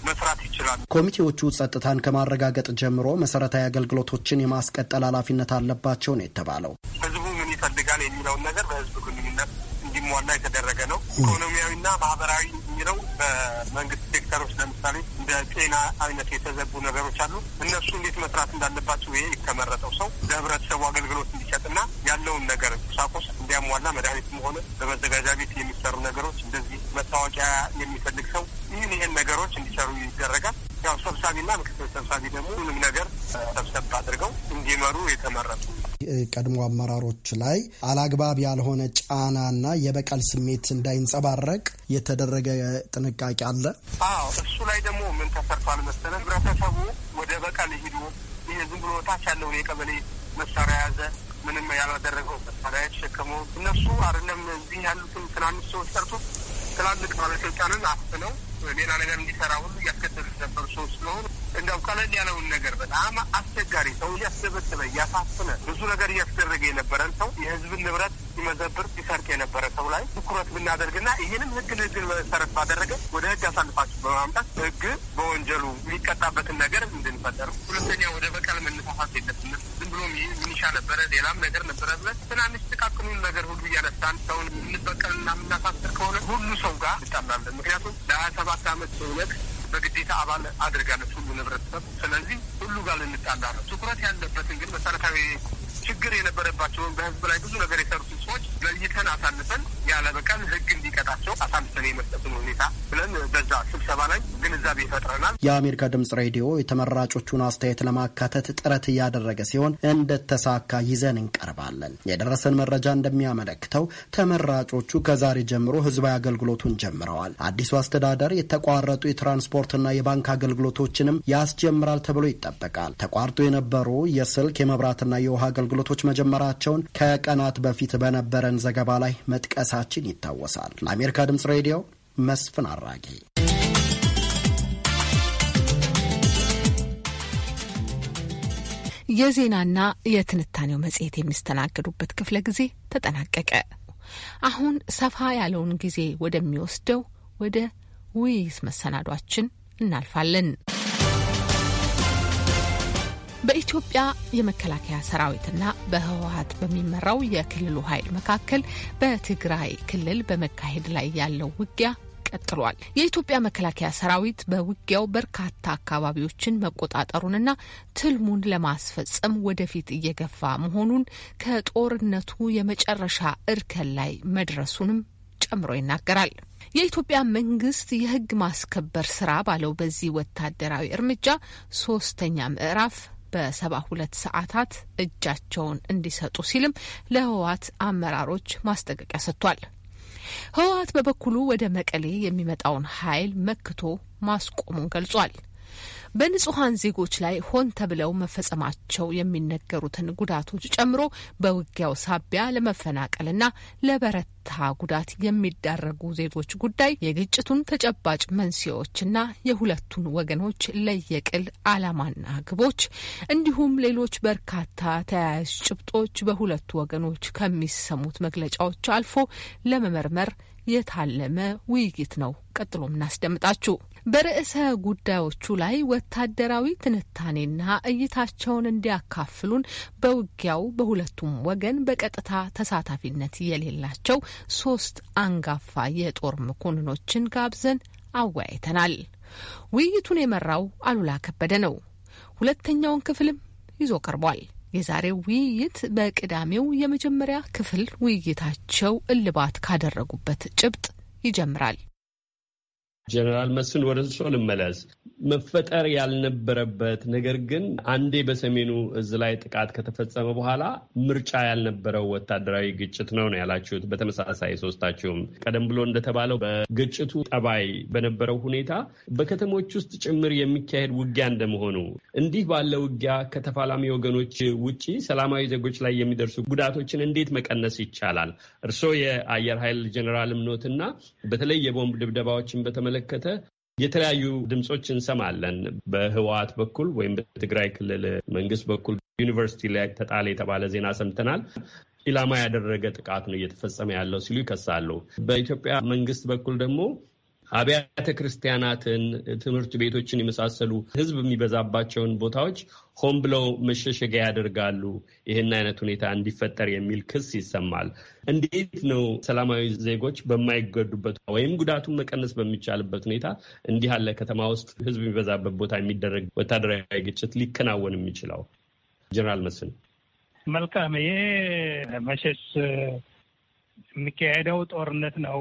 መስራት ይችላል። ኮሚቴዎቹ ጸጥታን ከማረጋገጥ ጀምሮ መሰረታዊ አገልግሎቶችን የማስቀጠል ኃላፊነት አለባቸው ነው የተባለው። ህዝቡ ምን ይፈልጋል የሚለውን ነገር በህዝብ ግንኙነት እንዲሟላ የተደረገ ነው። ኢኮኖሚያዊና ማህበራዊ የሚለው በመንግስት ሴክተሮች ለምሳሌ እንደ ጤና አይነት የተዘጉ ነገሮች አሉ። እነሱ እንዴት መስራት እንዳለባቸው ይሄ የተመረጠው ሰው ለህብረተሰቡ አገልግሎት እንዲሰጥና ያለውን ነገር ቁሳቁስ እንዲያሟላ መድኃኒትም ሆነ በመዘጋጃ ቤት የሚሰሩ ነገሮች እንደዚህ መታወቂያ የሚፈልግ ሰው ይህን ይህን ነገሮች እንዲሰሩ ይደረጋል። ያው ሰብሳቢና ምክትል ሰብሳቢ ደግሞ ምንም ነገር ሰብሰብ አድርገው እንዲመሩ የተመረጡ ቀድሞ አመራሮች ላይ አላግባብ ያልሆነ ጫናና የበቀል ስሜት እንዳይንጸባረቅ የተደረገ ጥንቃቄ አለ። አዎ፣ እሱ ላይ ደግሞ ምን ተሰርቷል መሰለ፣ ህብረተሰቡ ወደ በቀል ሂዱ ዝም ብሎ ታች ያለውን የቀበሌ መሳሪያ የያዘ ምንም ያላደረገው መሳሪያ የተሸከመው እነሱ አይደለም እዚህ ያሉትን ትናንሽ ሰዎች ጠርቶ ትላልቅ ባለስልጣንን አፍነው ሌላ ነገር እንዲሰራ ሁሉ እያስገደሉት ነበሩ ሰው ስለሆኑ እንዲያው ቀለል ያለውን ነገር በጣም አስቸጋሪ ሰው እያስደበሰበ እያሳፍነ ብዙ ነገር እያስደረገ የነበረን ሰው የህዝብን ንብረት ሲመዘብር ሲሰርቅ የነበረ ሰው ላይ ትኩረት ብናደርግና ይህንም ህግን ህግን መሰረት ባደረገ ወደ ህግ አሳልፋችሁ በማምጣት ህግ በወንጀሉ የሚቀጣበትን ነገር እንድንፈጠሩ፣ ሁለተኛ ወደ በቀል መነሳሳት የለብንም። ዝም ብሎ ሚኒሻ ነበረ ሌላም ነገር ነበረ ብለን ትናንሽ ጥቃቅኑን ነገር ሁሉ እያነሳን ሰውን እንበቀልና ምናሳ ሁሉ ሰው ጋር እንጣምናለን። ምክንያቱም ለሀያ ሰባት አመት ሰውነት በግዴታ አባል አድርጋለች ሁሉ ህብረተሰብ። ስለዚህ ሁሉ ጋር ልንጣላ ነው። ትኩረት ያለበትን ግን መሰረታዊ ችግር የነበረባቸውን በህዝብ ላይ ብዙ ነገር የሰሩትን ሰዎች ለይተን አሳልፈን ያለ ህግ እንዲቀጣቸው አሳልፈን የመጠ ይፈጥረናል። የአሜሪካ ድምጽ ሬዲዮ የተመራጮቹን አስተያየት ለማካተት ጥረት እያደረገ ሲሆን እንደተሳካ ይዘን እንቀርባለን። የደረሰን መረጃ እንደሚያመለክተው ተመራጮቹ ከዛሬ ጀምሮ ህዝባዊ አገልግሎቱን ጀምረዋል። አዲሱ አስተዳደር የተቋረጡ የትራንስፖርትና የባንክ አገልግሎቶችንም ያስጀምራል ተብሎ ይጠበቃል። ተቋርጦ የነበሩ የስልክ የመብራትና የውሃ አገልግሎቶች መጀመራቸውን ከቀናት በፊት በነበረን ዘገባ ላይ መጥቀሳችን ይታወሳል። ለአሜሪካ ድምጽ ሬዲዮ መስፍን አራጌ የዜናና የትንታኔው መጽሔት የሚስተናገዱበት ክፍለ ጊዜ ተጠናቀቀ። አሁን ሰፋ ያለውን ጊዜ ወደሚወስደው ወደ ውይይት መሰናዷችን እናልፋለን። በኢትዮጵያ የመከላከያ ሰራዊትና በህወሀት በሚመራው የክልሉ ኃይል መካከል በትግራይ ክልል በመካሄድ ላይ ያለው ውጊያ ቀጥሏል። የኢትዮጵያ መከላከያ ሰራዊት በውጊያው በርካታ አካባቢዎችን መቆጣጠሩንና ትልሙን ለማስፈጸም ወደፊት እየገፋ መሆኑን ከጦርነቱ የመጨረሻ እርከን ላይ መድረሱንም ጨምሮ ይናገራል። የኢትዮጵያ መንግስት የህግ ማስከበር ስራ ባለው በዚህ ወታደራዊ እርምጃ ሶስተኛ ምዕራፍ በሰባ ሁለት ሰዓታት እጃቸውን እንዲሰጡ ሲልም ለህወሓት አመራሮች ማስጠንቀቂያ ሰጥቷል። ህወሀት በበኩሉ ወደ መቀሌ የሚመጣውን ኃይል መክቶ ማስቆሙን ገልጿል። በንጹሐን ዜጎች ላይ ሆን ተብለው መፈጸማቸው የሚነገሩትን ጉዳቶች ጨምሮ በውጊያው ሳቢያ ለመፈናቀልና ለበረታ ጉዳት የሚዳረጉ ዜጎች ጉዳይ የግጭቱን ተጨባጭ መንስኤዎችና የሁለቱን ወገኖች ለየቅል ዓላማና ግቦች እንዲሁም ሌሎች በርካታ ተያያዥ ጭብጦች በሁለቱ ወገኖች ከሚሰሙት መግለጫዎች አልፎ ለመመርመር የታለመ ውይይት ነው። ቀጥሎ እናስደምጣችሁ። በርዕሰ ጉዳዮቹ ላይ ወታደራዊ ትንታኔና እይታቸውን እንዲያካፍሉን በውጊያው በሁለቱም ወገን በቀጥታ ተሳታፊነት የሌላቸው ሶስት አንጋፋ የጦር መኮንኖችን ጋብዘን አወያይተናል። ውይይቱን የመራው አሉላ ከበደ ነው። ሁለተኛውን ክፍልም ይዞ ቀርቧል። የዛሬው ውይይት በቅዳሜው የመጀመሪያ ክፍል ውይይታቸው እልባት ካደረጉበት ጭብጥ ይጀምራል። ጀነራል መስፍን ወደ ልመለስ። መፈጠር ያልነበረበት ነገር ግን አንዴ በሰሜኑ እዝ ላይ ጥቃት ከተፈጸመ በኋላ ምርጫ ያልነበረው ወታደራዊ ግጭት ነው ነው ያላችሁት። በተመሳሳይ ሶስታችሁም ቀደም ብሎ እንደተባለው በግጭቱ ጠባይ በነበረው ሁኔታ በከተሞች ውስጥ ጭምር የሚካሄድ ውጊያ እንደመሆኑ እንዲህ ባለ ውጊያ ከተፋላሚ ወገኖች ውጪ ሰላማዊ ዜጎች ላይ የሚደርሱ ጉዳቶችን እንዴት መቀነስ ይቻላል? እርስዎ የአየር ኃይል ጀኔራልም ኖትና በተለይ የቦምብ ድብደባዎችን በተመ በተመለከተ የተለያዩ ድምፆች እንሰማለን። በህወሓት በኩል ወይም በትግራይ ክልል መንግስት በኩል ዩኒቨርሲቲ ላይ ተጣለ የተባለ ዜና ሰምተናል። ኢላማ ያደረገ ጥቃት ነው እየተፈጸመ ያለው ሲሉ ይከሳሉ። በኢትዮጵያ መንግስት በኩል ደግሞ አብያተ ክርስቲያናትን፣ ትምህርት ቤቶችን የመሳሰሉ ህዝብ የሚበዛባቸውን ቦታዎች ሆን ብለው መሸሸጊያ ያደርጋሉ። ይህን አይነት ሁኔታ እንዲፈጠር የሚል ክስ ይሰማል። እንዴት ነው ሰላማዊ ዜጎች በማይገዱበት ወይም ጉዳቱን መቀነስ በሚቻልበት ሁኔታ እንዲህ ያለ ከተማ ውስጥ ህዝብ የሚበዛበት ቦታ የሚደረግ ወታደራዊ ግጭት ሊከናወን የሚችለው? ጀነራል መስን መልካም። ይሄ መሸሽ የሚካሄደው ጦርነት ነው።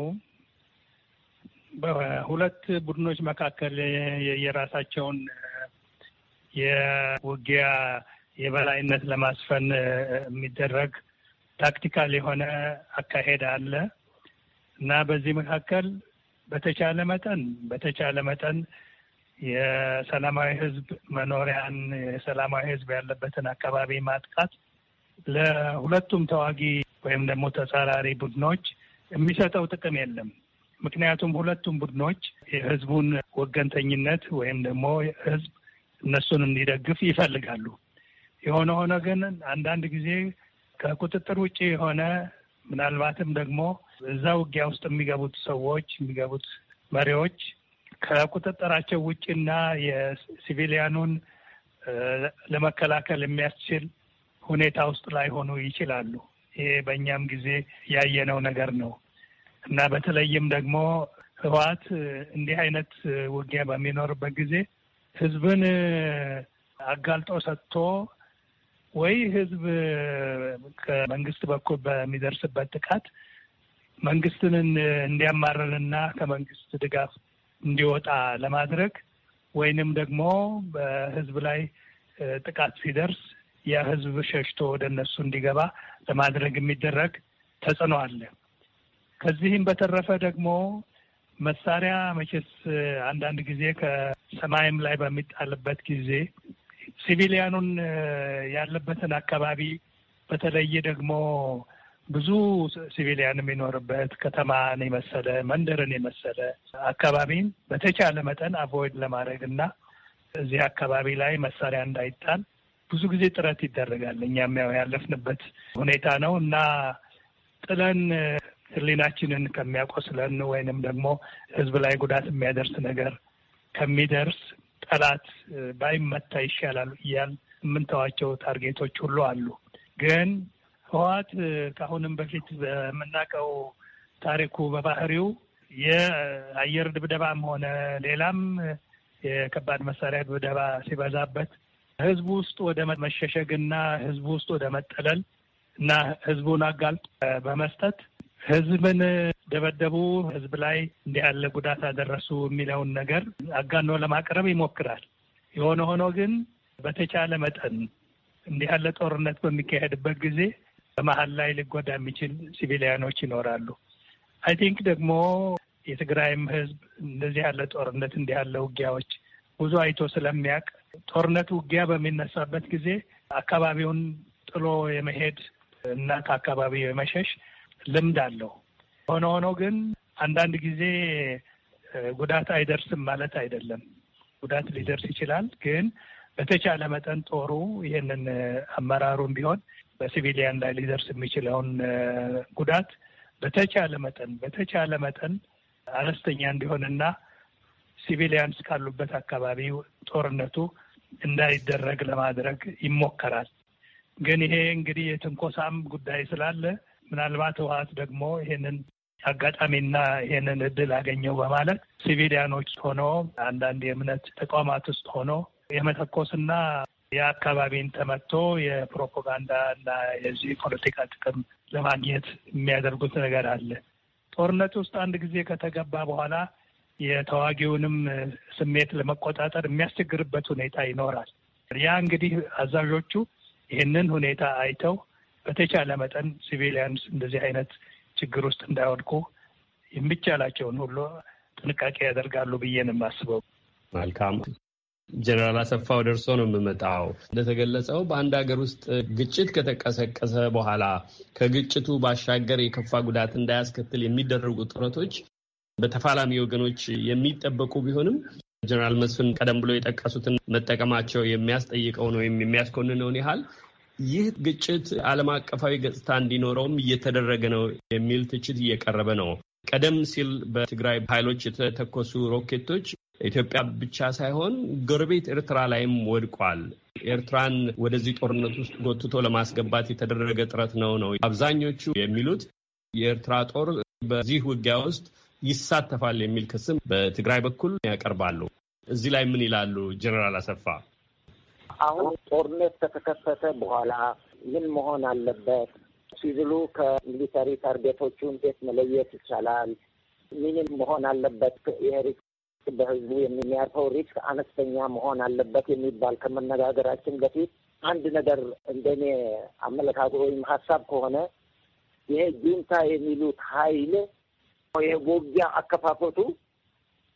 በሁለት ቡድኖች መካከል የራሳቸውን የውጊያ የበላይነት ለማስፈን የሚደረግ ታክቲካል የሆነ አካሄድ አለ እና በዚህ መካከል በተቻለ መጠን በተቻለ መጠን የሰላማዊ ሕዝብ መኖሪያን የሰላማዊ ሕዝብ ያለበትን አካባቢ ማጥቃት ለሁለቱም ተዋጊ ወይም ደግሞ ተጻራሪ ቡድኖች የሚሰጠው ጥቅም የለም። ምክንያቱም ሁለቱም ቡድኖች የህዝቡን ወገንተኝነት ወይም ደግሞ ህዝብ እነሱን እንዲደግፍ ይፈልጋሉ። የሆነ ሆነ ግን አንዳንድ ጊዜ ከቁጥጥር ውጭ የሆነ ምናልባትም ደግሞ እዛ ውጊያ ውስጥ የሚገቡት ሰዎች የሚገቡት መሪዎች ከቁጥጥራቸው ውጭና የሲቪሊያኑን ለመከላከል የሚያስችል ሁኔታ ውስጥ ላይሆኑ ይችላሉ። ይሄ በእኛም ጊዜ ያየነው ነገር ነው። እና በተለይም ደግሞ ህወሓት እንዲህ አይነት ውጊያ በሚኖርበት ጊዜ ህዝብን አጋልጦ ሰጥቶ ወይ ህዝብ ከመንግስት በኩል በሚደርስበት ጥቃት መንግስትን እንዲያማርርና ከመንግስት ድጋፍ እንዲወጣ ለማድረግ ወይንም ደግሞ በህዝብ ላይ ጥቃት ሲደርስ ያ ህዝብ ሸሽቶ ወደ እነሱ እንዲገባ ለማድረግ የሚደረግ ተጽዕኖ አለ። ከዚህም በተረፈ ደግሞ መሳሪያ መቼስ አንዳንድ ጊዜ ከሰማይም ላይ በሚጣልበት ጊዜ ሲቪሊያኑን ያለበትን አካባቢ በተለየ ደግሞ ብዙ ሲቪሊያን የሚኖርበት ከተማን የመሰለ መንደርን የመሰለ አካባቢን በተቻለ መጠን አቮይድ ለማድረግ እና እዚህ አካባቢ ላይ መሳሪያ እንዳይጣል ብዙ ጊዜ ጥረት ይደረጋል። እኛም ያው ያለፍንበት ሁኔታ ነው እና ጥለን ህሊናችንን ከሚያቆስለን ወይንም ደግሞ ህዝብ ላይ ጉዳት የሚያደርስ ነገር ከሚደርስ ጠላት ባይመታ ይሻላል እያል የምንተዋቸው ታርጌቶች ሁሉ አሉ። ግን ህወሓት ከአሁንም በፊት በምናውቀው ታሪኩ በባህሪው የአየር ድብደባም ሆነ ሌላም የከባድ መሳሪያ ድብደባ ሲበዛበት ህዝቡ ውስጥ ወደ መሸሸግና ህዝቡ ውስጥ ወደ መጠለል እና ህዝቡን አጋልጦ በመስጠት ህዝብን ደበደቡ፣ ህዝብ ላይ እንዲህ ያለ ጉዳት አደረሱ የሚለውን ነገር አጋኖ ለማቅረብ ይሞክራል። የሆነ ሆኖ ግን በተቻለ መጠን እንዲህ ያለ ጦርነት በሚካሄድበት ጊዜ በመሀል ላይ ሊጎዳ የሚችል ሲቪሊያኖች ይኖራሉ። አይ ቲንክ ደግሞ የትግራይም ህዝብ እንደዚህ ያለ ጦርነት እንዲህ ያለ ውጊያዎች ብዙ አይቶ ስለሚያውቅ ጦርነት ውጊያ በሚነሳበት ጊዜ አካባቢውን ጥሎ የመሄድ እና ከአካባቢው የመሸሽ ልምድ አለው። ሆነ ሆኖ ግን አንዳንድ ጊዜ ጉዳት አይደርስም ማለት አይደለም። ጉዳት ሊደርስ ይችላል። ግን በተቻለ መጠን ጦሩ ይህንን አመራሩም ቢሆን በሲቪሊያን ላይ ሊደርስ የሚችለውን ጉዳት በተቻለ መጠን በተቻለ መጠን አነስተኛ እንዲሆንና ሲቪሊያንስ ካሉበት አካባቢ ጦርነቱ እንዳይደረግ ለማድረግ ይሞከራል። ግን ይሄ እንግዲህ የትንኮሳም ጉዳይ ስላለ ምናልባት ህወሀት ደግሞ ይሄንን አጋጣሚና ይሄንን እድል አገኘው በማለት ሲቪሊያኖች ሆኖ አንዳንድ የእምነት ተቋማት ውስጥ ሆኖ የመተኮስና የአካባቢን ተመቶ የፕሮፓጋንዳ እና የዚህ ፖለቲካ ጥቅም ለማግኘት የሚያደርጉት ነገር አለ። ጦርነት ውስጥ አንድ ጊዜ ከተገባ በኋላ የተዋጊውንም ስሜት ለመቆጣጠር የሚያስቸግርበት ሁኔታ ይኖራል። ያ እንግዲህ አዛዦቹ ይህንን ሁኔታ አይተው በተቻለ መጠን ሲቪሊያንስ እንደዚህ አይነት ችግር ውስጥ እንዳይወድቁ የሚቻላቸውን ሁሉ ጥንቃቄ ያደርጋሉ ብዬ ነው የማስበው። መልካም ጀነራል አሰፋ ወደ እርሶ ነው የምመጣው። እንደተገለጸው በአንድ ሀገር ውስጥ ግጭት ከተቀሰቀሰ በኋላ ከግጭቱ ባሻገር የከፋ ጉዳት እንዳያስከትል የሚደረጉ ጥረቶች በተፋላሚ ወገኖች የሚጠበቁ ቢሆንም ጀነራል መስፍን ቀደም ብሎ የጠቀሱትን መጠቀማቸው የሚያስጠይቀውን ወይም የሚያስኮንነውን ያህል ይህ ግጭት ዓለም አቀፋዊ ገጽታ እንዲኖረውም እየተደረገ ነው የሚል ትችት እየቀረበ ነው። ቀደም ሲል በትግራይ ኃይሎች የተተኮሱ ሮኬቶች ኢትዮጵያ ብቻ ሳይሆን ጎረቤት ኤርትራ ላይም ወድቋል። ኤርትራን ወደዚህ ጦርነት ውስጥ ጎትቶ ለማስገባት የተደረገ ጥረት ነው ነው አብዛኞቹ የሚሉት። የኤርትራ ጦር በዚህ ውጊያ ውስጥ ይሳተፋል የሚል ክስም በትግራይ በኩል ያቀርባሉ። እዚህ ላይ ምን ይላሉ ጀኔራል አሰፋ? አሁን ጦርነት ከተከፈተ በኋላ ምን መሆን አለበት ሲቪሉ ከሚሊተሪ ታርጌቶቹ እንዴት መለየት ይቻላል? ምንም መሆን አለበት ይሄ ሪስክ በህዝቡ የሚያርፈው ሪስክ አነስተኛ መሆን አለበት የሚባል ከመነጋገራችን በፊት አንድ ነገር እንደኔ አመለካከት ወይም ሀሳብ ከሆነ ይሄ ጁንታ የሚሉት ሀይል የውጊያ አከፋፈቱ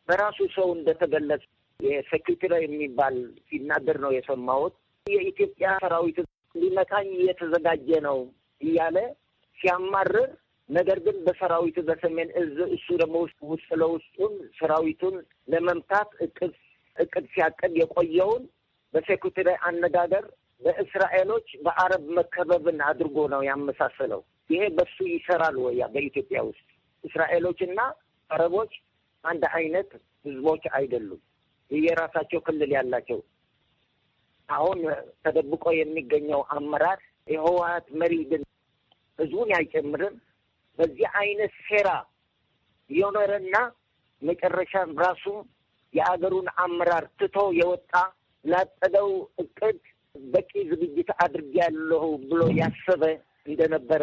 በራሱ ሰው እንደተገለጸ የሴክሬታሪ የሚባል ሲናገር ነው የሰማሁት። የኢትዮጵያ ሰራዊት ሊመታኝ እየተዘጋጀ ነው እያለ ሲያማርር፣ ነገር ግን በሰራዊቱ በሰሜን እዝ እሱ ደግሞ ውስጥ ለውስጡን ሰራዊቱን ለመምታት እቅድ እቅድ ሲያቅድ የቆየውን በሴክሬታሪ አነጋገር በእስራኤሎች በአረብ መከበብን አድርጎ ነው ያመሳሰለው። ይሄ በሱ ይሰራል ወያ በኢትዮጵያ ውስጥ እስራኤሎችና አረቦች አንድ አይነት ህዝቦች አይደሉም። የራሳቸው ክልል ያላቸው አሁን ተደብቆ የሚገኘው አመራር የህወሀት መሪ ግን ህዝቡን አይጨምርም። በዚህ አይነት ሴራ የኖረና መጨረሻ ራሱ የአገሩን አመራር ትቶ የወጣ ላጠደው እቅድ በቂ ዝግጅት አድርጌያለሁ ብሎ ያሰበ እንደነበረ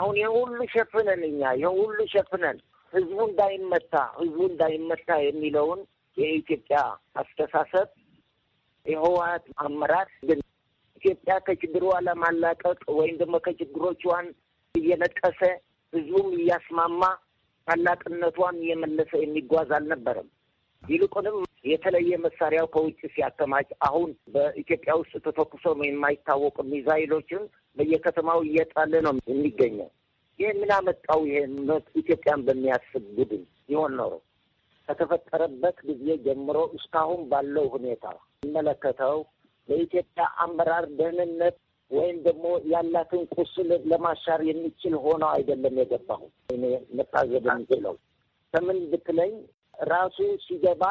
አሁን ይህ ሁሉ ሸፍነን እኛ ይህ ሁሉ ሸፍነን ህዝቡ እንዳይመታ ህዝቡ እንዳይመታ የሚለውን የኢትዮጵያ አስተሳሰብ የህወሀት አመራር ግን ኢትዮጵያ ከችግሯ ለማላቀቅ ወይም ደግሞ ከችግሮቿን እየነቀሰ ህዝቡም እያስማማ ታላቅነቷን እየመለሰ የሚጓዝ አልነበረም። ይልቁንም የተለየ መሳሪያው ከውጭ ሲያከማች አሁን በኢትዮጵያ ውስጥ ተተኩሶ ነው የማይታወቅ ሚዛይሎችን በየከተማው እየጣለ ነው የሚገኘው። ይህ ምን አመጣው? ይሄ ኢትዮጵያን በሚያስብ ቡድን ይሆን ኖሮ ከተፈጠረበት ጊዜ ጀምሮ እስካሁን ባለው ሁኔታ የሚመለከተው ለኢትዮጵያ አመራር ደህንነት ወይም ደግሞ ያላትን ቁስል ለማሻር የሚችል ሆኖ አይደለም የገባሁ እኔ መታዘብ የሚችለው ከምን ብትለኝ ራሱ ሲገባ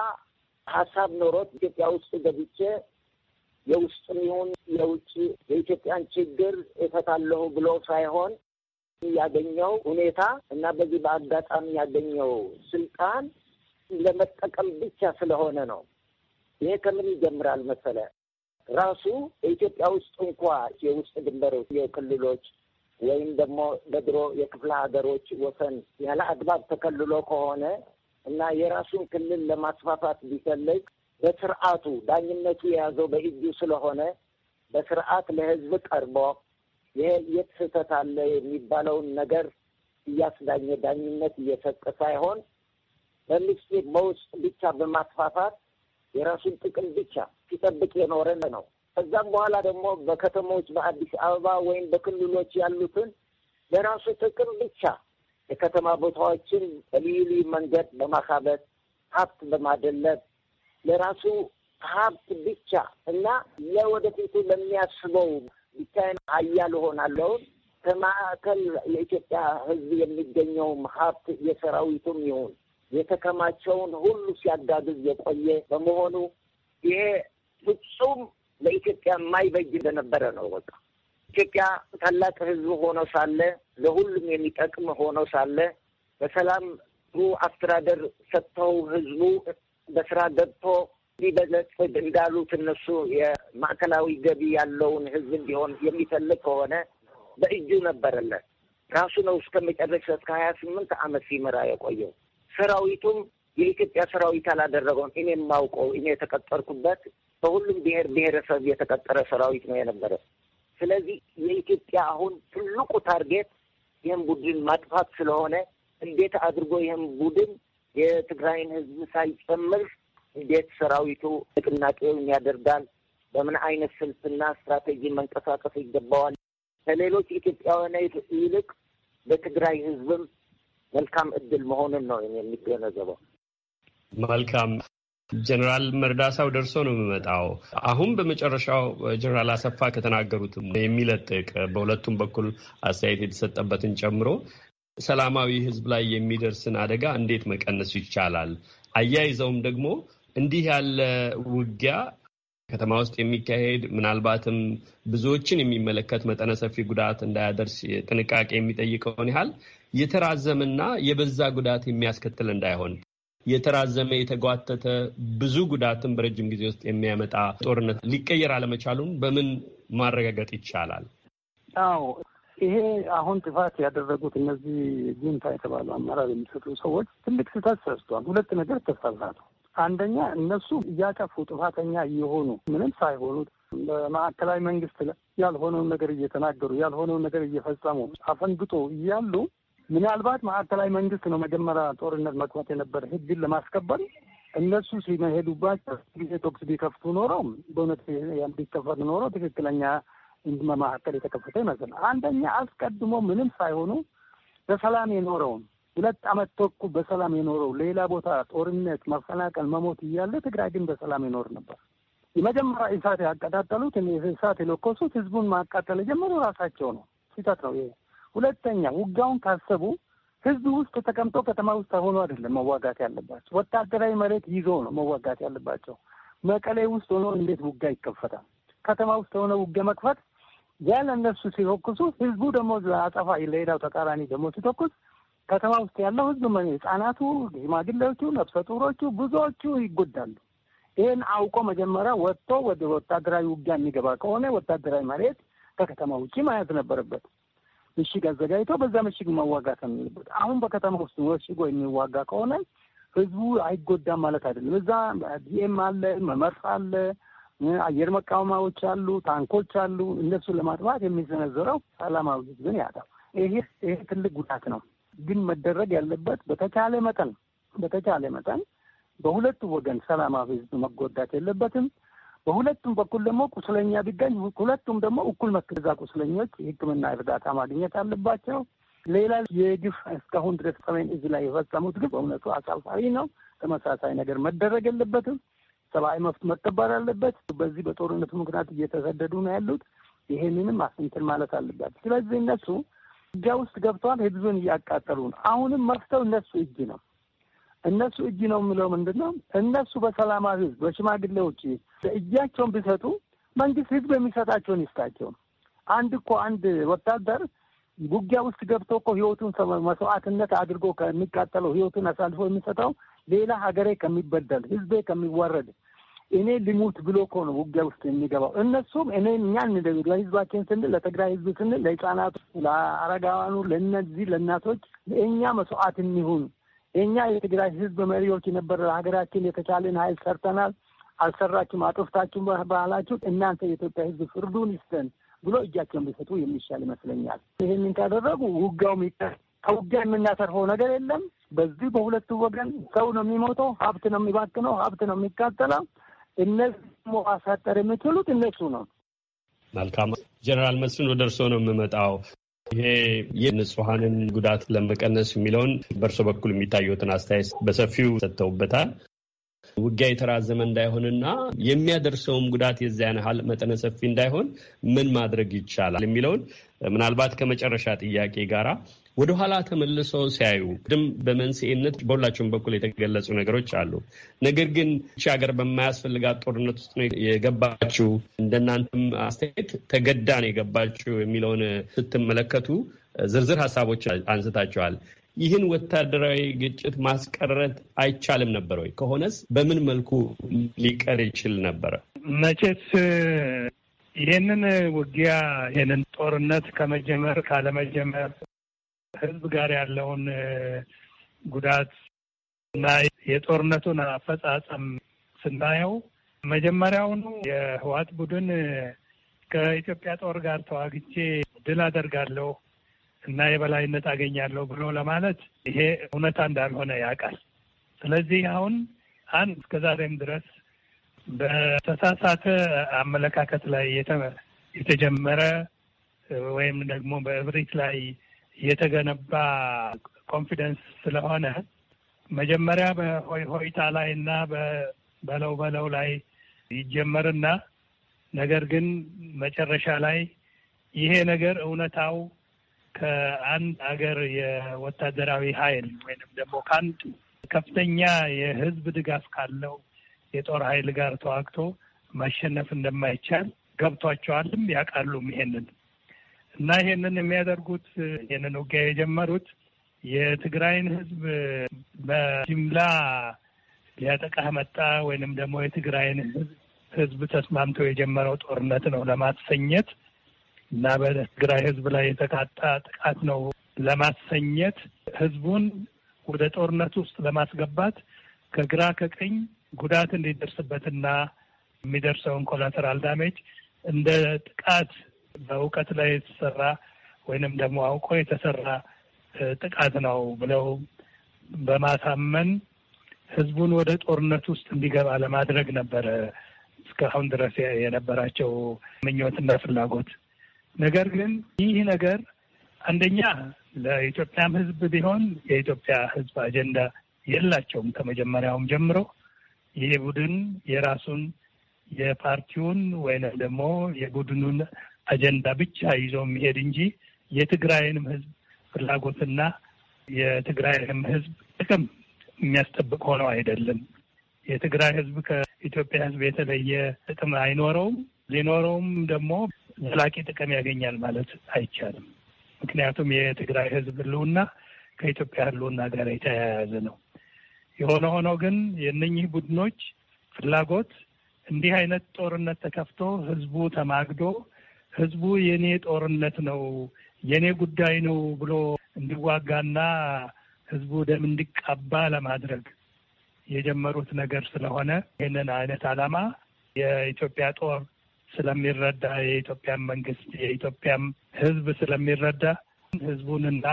ሀሳብ ኖሮት ኢትዮጵያ ውስጥ ገብቼ የውስጥም ይሁን የውጭ የኢትዮጵያን ችግር እፈታለሁ ብሎ ሳይሆን ያገኘው ሁኔታ እና በዚህ በአጋጣሚ ያገኘው ስልጣን ለመጠቀም ብቻ ስለሆነ ነው። ይሄ ከምን ይጀምራል መሰለ ራሱ የኢትዮጵያ ውስጥ እንኳ የውስጥ ድንበር የክልሎች ወይም ደግሞ በድሮ የክፍለ ሀገሮች ወሰን ያለ አግባብ ተከልሎ ከሆነ እና የራሱን ክልል ለማስፋፋት ቢፈልግ በስርዓቱ ዳኝነቱ የያዘው በእጁ ስለሆነ በስርዓት ለሕዝብ ቀርቦ ይሄ የት ስህተት አለ የሚባለውን ነገር እያስዳኘ ዳኝነት እየሰጠ ሳይሆን በሚስቴት በውስጥ ብቻ በማስፋፋት የራሱን ጥቅም ብቻ ሲጠብቅ የኖረን ነው። ከዛም በኋላ ደግሞ በከተሞች በአዲስ አበባ ወይም በክልሎች ያሉትን ለራሱ ጥቅም ብቻ የከተማ ቦታዎችን በልዩ ልዩ መንገድ በማካበት ሀብት በማደለብ ለራሱ ሀብት ብቻ እና ለወደፊቱ ለሚያስበው ብቻዬን አያል እሆናለሁን ከማዕከል የኢትዮጵያ ሕዝብ የሚገኘውም ሀብት የሰራዊቱም ይሁን የተከማቸውን ሁሉ ሲያጋግዝ የቆየ በመሆኑ ይሄ ፍጹም ለኢትዮጵያ የማይበጅ እንደነበረ ነው። በቃ ኢትዮጵያ ታላቅ ሕዝብ ሆኖ ሳለ ለሁሉም የሚጠቅም ሆኖ ሳለ በሰላም ጥሩ አስተዳደር ሰጥተው ሕዝቡ በስራ ገብቶ ሊበለጽግ እንዳሉት እነሱ የማዕከላዊ ገቢ ያለውን ሕዝብ እንዲሆን የሚፈልግ ከሆነ በእጁ ነበረለት ራሱ ነው እስከ መጨረሻ እስከ ሀያ ስምንት አመት ሲመራ የቆየው። ሰራዊቱም የኢትዮጵያ ሰራዊት አላደረገውም። እኔ የማውቀው እኔ የተቀጠርኩበት በሁሉም ብሔር ብሔረሰብ የተቀጠረ ሰራዊት ነው የነበረ። ስለዚህ የኢትዮጵያ አሁን ትልቁ ታርጌት ይህን ቡድን ማጥፋት ስለሆነ እንዴት አድርጎ ይህን ቡድን የትግራይን ህዝብ ሳይጨምር እንዴት ሰራዊቱ ንቅናቄውን ያደርጋል፣ በምን አይነት ስልትና ስትራቴጂ መንቀሳቀስ ይገባዋል። ከሌሎች ኢትዮጵያውያን ይልቅ በትግራይ ህዝብም መልካም እድል መሆኑን ነው የሚገነዘበው። መልካም ጀነራል መርዳሳው ደርሶ ነው የምመጣው። አሁን በመጨረሻው ጀነራል አሰፋ ከተናገሩትም የሚለጥቅ በሁለቱም በኩል አስተያየት የተሰጠበትን ጨምሮ ሰላማዊ ሕዝብ ላይ የሚደርስን አደጋ እንዴት መቀነስ ይቻላል? አያይዘውም ደግሞ እንዲህ ያለ ውጊያ ከተማ ውስጥ የሚካሄድ ምናልባትም ብዙዎችን የሚመለከት መጠነ ሰፊ ጉዳት እንዳያደርስ ጥንቃቄ የሚጠይቀውን ያህል የተራዘመና የበዛ ጉዳት የሚያስከትል እንዳይሆን የተራዘመ የተጓተተ ብዙ ጉዳትን በረጅም ጊዜ ውስጥ የሚያመጣ ጦርነት ሊቀየር አለመቻሉን በምን ማረጋገጥ ይቻላል? አዎ ይሄ አሁን ጥፋት ያደረጉት እነዚህ ጁንታ የተባሉ አመራር የሚሰጡ ሰዎች ትልቅ ስህተት ሰርቷል። ሁለት ነገር ተሰራ አንደኛ እነሱ እያጠፉ ጥፋተኛ እየሆኑ ምንም ሳይሆኑ በማዕከላዊ መንግስት ያልሆነውን ነገር እየተናገሩ ያልሆነውን ነገር እየፈጸሙ አፈንግጦ እያሉ ምናልባት ማዕከላዊ መንግስት ነው መጀመሪያ ጦርነት መግባት የነበረ ህግን ለማስከበር እነሱ ሲመሄዱባቸው ጊዜ ቶክስ ቢከፍቱ ኖረው በእውነት ቢከፈት ኖሮ ትክክለኛ እንድመ መካከል የተከፈተ ይመስል አንደኛ አስቀድሞ ምንም ሳይሆኑ በሰላም የኖረውን ሁለት አመት ተኩል በሰላም የኖረው ሌላ ቦታ ጦርነት፣ መፈናቀል፣ መሞት እያለ ትግራይ ግን በሰላም ይኖር ነበር። የመጀመሪያ እሳት ያቀጣጠሉት እሳት የለኮሱት ህዝቡን ማቃጠል የጀመሩ ራሳቸው ነው። ስህተት ነው ይሄ ሁለተኛ ውጋውን ካሰቡ ህዝብ ውስጥ ተቀምጠው ከተማ ውስጥ ሆኖ አይደለም መዋጋት ያለባቸው። ወታደራዊ መሬት ይዞ ነው መዋጋት ያለባቸው። መቀሌ ውስጥ ሆኖ እንዴት ውጋ ይከፈታል? ከተማ ውስጥ ሆነ ውጋ መክፈት ያለ እነሱ ሲተኩሱ፣ ህዝቡ ደግሞ አጸፋ ለሄዳው ተቃራኒ ደግሞ ሲተኩስ ከተማ ውስጥ ያለው ህዝብ መ ህጻናቱ፣ ሽማግሌዎቹ፣ ነፍሰ ጡሮቹ ብዙዎቹ ይጎዳሉ። ይህን አውቆ መጀመሪያ ወጥቶ ወደ ወታደራዊ ውጊያ የሚገባ ከሆነ ወታደራዊ መሬት ከከተማ ውጭ ማያዝ ነበረበት። ምሽግ አዘጋጅተው በዛ ምሽግ መዋጋት የሚልበት አሁን በከተማ ውስጥ ወሽጎ የሚዋጋ ከሆነ ህዝቡ አይጎዳም ማለት አይደለም። እዛ ዲኤም አለ፣ መመርፍ አለ፣ አየር መቃወሚያዎች አሉ፣ ታንኮች አሉ። እነሱን ለማጥፋት የሚዘነዘረው ሰላማዊ ህዝብን ያጣው ይሄ ይሄ ትልቅ ጉዳት ነው። ግን መደረግ ያለበት በተቻለ መጠን በተቻለ መጠን በሁለቱ ወገን ሰላማዊ ህዝብ መጎዳት የለበትም። በሁለቱም በኩል ደግሞ ቁስለኛ ቢገኝ ሁለቱም ደግሞ እኩል መክዛ ቁስለኞች የሕክምና እርዳታ ማግኘት አለባቸው። ሌላ የግፍ እስካሁን ድረስ ሰሜን እዝ ላይ የፈጸሙት ግፍ እውነቱ አሳፋሪ ነው። ተመሳሳይ ነገር መደረግ የለበትም። ሰብአዊ መብት መከበር አለበት። በዚህ በጦርነቱ ምክንያት እየተሰደዱ ነው ያሉት። ይሄንንም አስንትን ማለት አለባቸው። ስለዚህ እነሱ እጃ ውስጥ ገብተዋል። ህዝብን እያቃጠሉ ነው። አሁንም መፍተው እነሱ እጅ ነው። እነሱ እጅ ነው የምለው ምንድን ነው እነሱ በሰላማዊ ህዝብ በሽማግሌዎች እጃቸውን ቢሰጡ መንግስት ህዝብ የሚሰጣቸውን ይስጣቸው። አንድ እኮ አንድ ወታደር ውጊያ ውስጥ ገብቶ እኮ ህይወቱን መስዋዕትነት አድርጎ ከሚቃጠለው ህይወቱን አሳልፎ የሚሰጠው ሌላ ሀገሬ ከሚበደል ህዝቤ ከሚዋረድ እኔ ልሙት ብሎ እኮ ነው ውጊያ ውስጥ የሚገባው። እነሱም እኔ እኛን ለህዝባችን ስንል ለትግራይ ህዝብ ስንል ለህፃናቱ፣ ለአረጋውያኑ፣ ለእነዚህ ለእናቶች እኛ መስዋዕት እንሁን እኛ የትግራይ ህዝብ መሪዎች የነበረ ሀገራችን የተቻለን ሀይል ሰርተናል፣ አልሰራችሁም፣ አጥፍታችሁ ባህላችሁ፣ እናንተ የኢትዮጵያ ህዝብ ፍርዱን ይስጠን ብሎ እጃቸውን ቢሰጡ የሚሻል ይመስለኛል። ይህንን ካደረጉ ውጋው ከውጊያ የምናተርፈው ነገር የለም። በዚህ በሁለቱ ወገን ሰው ነው የሚሞተው፣ ሀብት ነው የሚባክነው፣ ሀብት ነው የሚቃጠለው። እነዚህ ደግሞ ማሳጠር የሚችሉት እነሱ ነው። መልካም ጀነራል መስፍን ወደ እርስዎ ነው የምመጣው። ይሄ የንጹሐንን ጉዳት ለመቀነስ የሚለውን በእርሶ በኩል የሚታየትን አስተያየት በሰፊው ሰጥተውበታል። ውጊያ የተራዘመ እንዳይሆንና የሚያደርሰውም ጉዳት የዚያን ያህል መጠነ ሰፊ እንዳይሆን ምን ማድረግ ይቻላል የሚለውን ምናልባት ከመጨረሻ ጥያቄ ጋራ ወደ ኋላ ተመልሰው ሲያዩ ድም በመንስኤነት በሁላቸውም በኩል የተገለጹ ነገሮች አሉ። ነገር ግን ይቺ ሀገር በማያስፈልጋት ጦርነት ውስጥ ነው የገባችው፣ እንደናንተም አስተያየት ተገዳ ነው የገባችው የሚለውን ስትመለከቱ ዝርዝር ሀሳቦች አንስታቸዋል። ይህን ወታደራዊ ግጭት ማስቀረት አይቻልም ነበር ወይ? ከሆነስ በምን መልኩ ሊቀር ይችል ነበረ? መቼስ ይህንን ውጊያ ይህንን ጦርነት ከመጀመር ካለመጀመር ህዝብ ጋር ያለውን ጉዳት እና የጦርነቱን አፈጻጸም ስናየው መጀመሪያውኑ የህዋት ቡድን ከኢትዮጵያ ጦር ጋር ተዋግቼ ድል አደርጋለሁ እና የበላይነት አገኛለሁ ብሎ ለማለት ይሄ እውነታ እንዳልሆነ ያውቃል። ስለዚህ አሁን አንድ እስከዛሬም ድረስ በተሳሳተ አመለካከት ላይ የተጀመረ ወይም ደግሞ በእብሪት ላይ የተገነባ ኮንፊደንስ ስለሆነ መጀመሪያ በሆይ ሆይታ ላይ እና በለው በለው ላይ ይጀመርና ነገር ግን መጨረሻ ላይ ይሄ ነገር እውነታው ከአንድ አገር የወታደራዊ ኃይል ወይንም ደግሞ ከአንድ ከፍተኛ የሕዝብ ድጋፍ ካለው የጦር ኃይል ጋር ተዋግቶ ማሸነፍ እንደማይቻል ገብቷቸዋልም ያውቃሉም ይሄንን እና ይሄንን የሚያደርጉት ይህንን ውጊያ የጀመሩት የትግራይን ህዝብ በጅምላ ሊያጠቃህ መጣ ወይንም ደግሞ የትግራይን ህዝብ ተስማምተው የጀመረው ጦርነት ነው ለማሰኘት እና በትግራይ ህዝብ ላይ የተቃጣ ጥቃት ነው ለማሰኘት ህዝቡን ወደ ጦርነት ውስጥ ለማስገባት ከግራ ከቀኝ ጉዳት እንዲደርስበትና የሚደርሰውን ኮላተራል ዳሜጅ እንደ ጥቃት በእውቀት ላይ የተሰራ ወይንም ደግሞ አውቆ የተሰራ ጥቃት ነው ብለው በማሳመን ህዝቡን ወደ ጦርነት ውስጥ እንዲገባ ለማድረግ ነበረ እስካሁን ድረስ የነበራቸው ምኞትና ፍላጎት። ነገር ግን ይህ ነገር አንደኛ ለኢትዮጵያም ህዝብ ቢሆን የኢትዮጵያ ህዝብ አጀንዳ የላቸውም ከመጀመሪያውም ጀምሮ ይህ ቡድን የራሱን የፓርቲውን ወይንም ደግሞ የቡድኑን አጀንዳ ብቻ ይዞ የሚሄድ እንጂ የትግራይንም ህዝብ ፍላጎትና የትግራይንም ህዝብ ጥቅም የሚያስጠብቅ ሆነው አይደለም። የትግራይ ህዝብ ከኢትዮጵያ ህዝብ የተለየ ጥቅም አይኖረውም። ሊኖረውም ደግሞ ዘላቂ ጥቅም ያገኛል ማለት አይቻልም። ምክንያቱም የትግራይ ህዝብ ህልውና ከኢትዮጵያ ህልውና ጋር የተያያዘ ነው። የሆነ ሆኖ ግን የእነኚህ ቡድኖች ፍላጎት እንዲህ አይነት ጦርነት ተከፍቶ ህዝቡ ተማግዶ ህዝቡ የኔ ጦርነት ነው የኔ ጉዳይ ነው ብሎ እንዲዋጋና ህዝቡ ደም እንዲቃባ ለማድረግ የጀመሩት ነገር ስለሆነ ይህንን አይነት ዓላማ የኢትዮጵያ ጦር ስለሚረዳ የኢትዮጵያን መንግስት የኢትዮጵያም ህዝብ ስለሚረዳ ህዝቡንና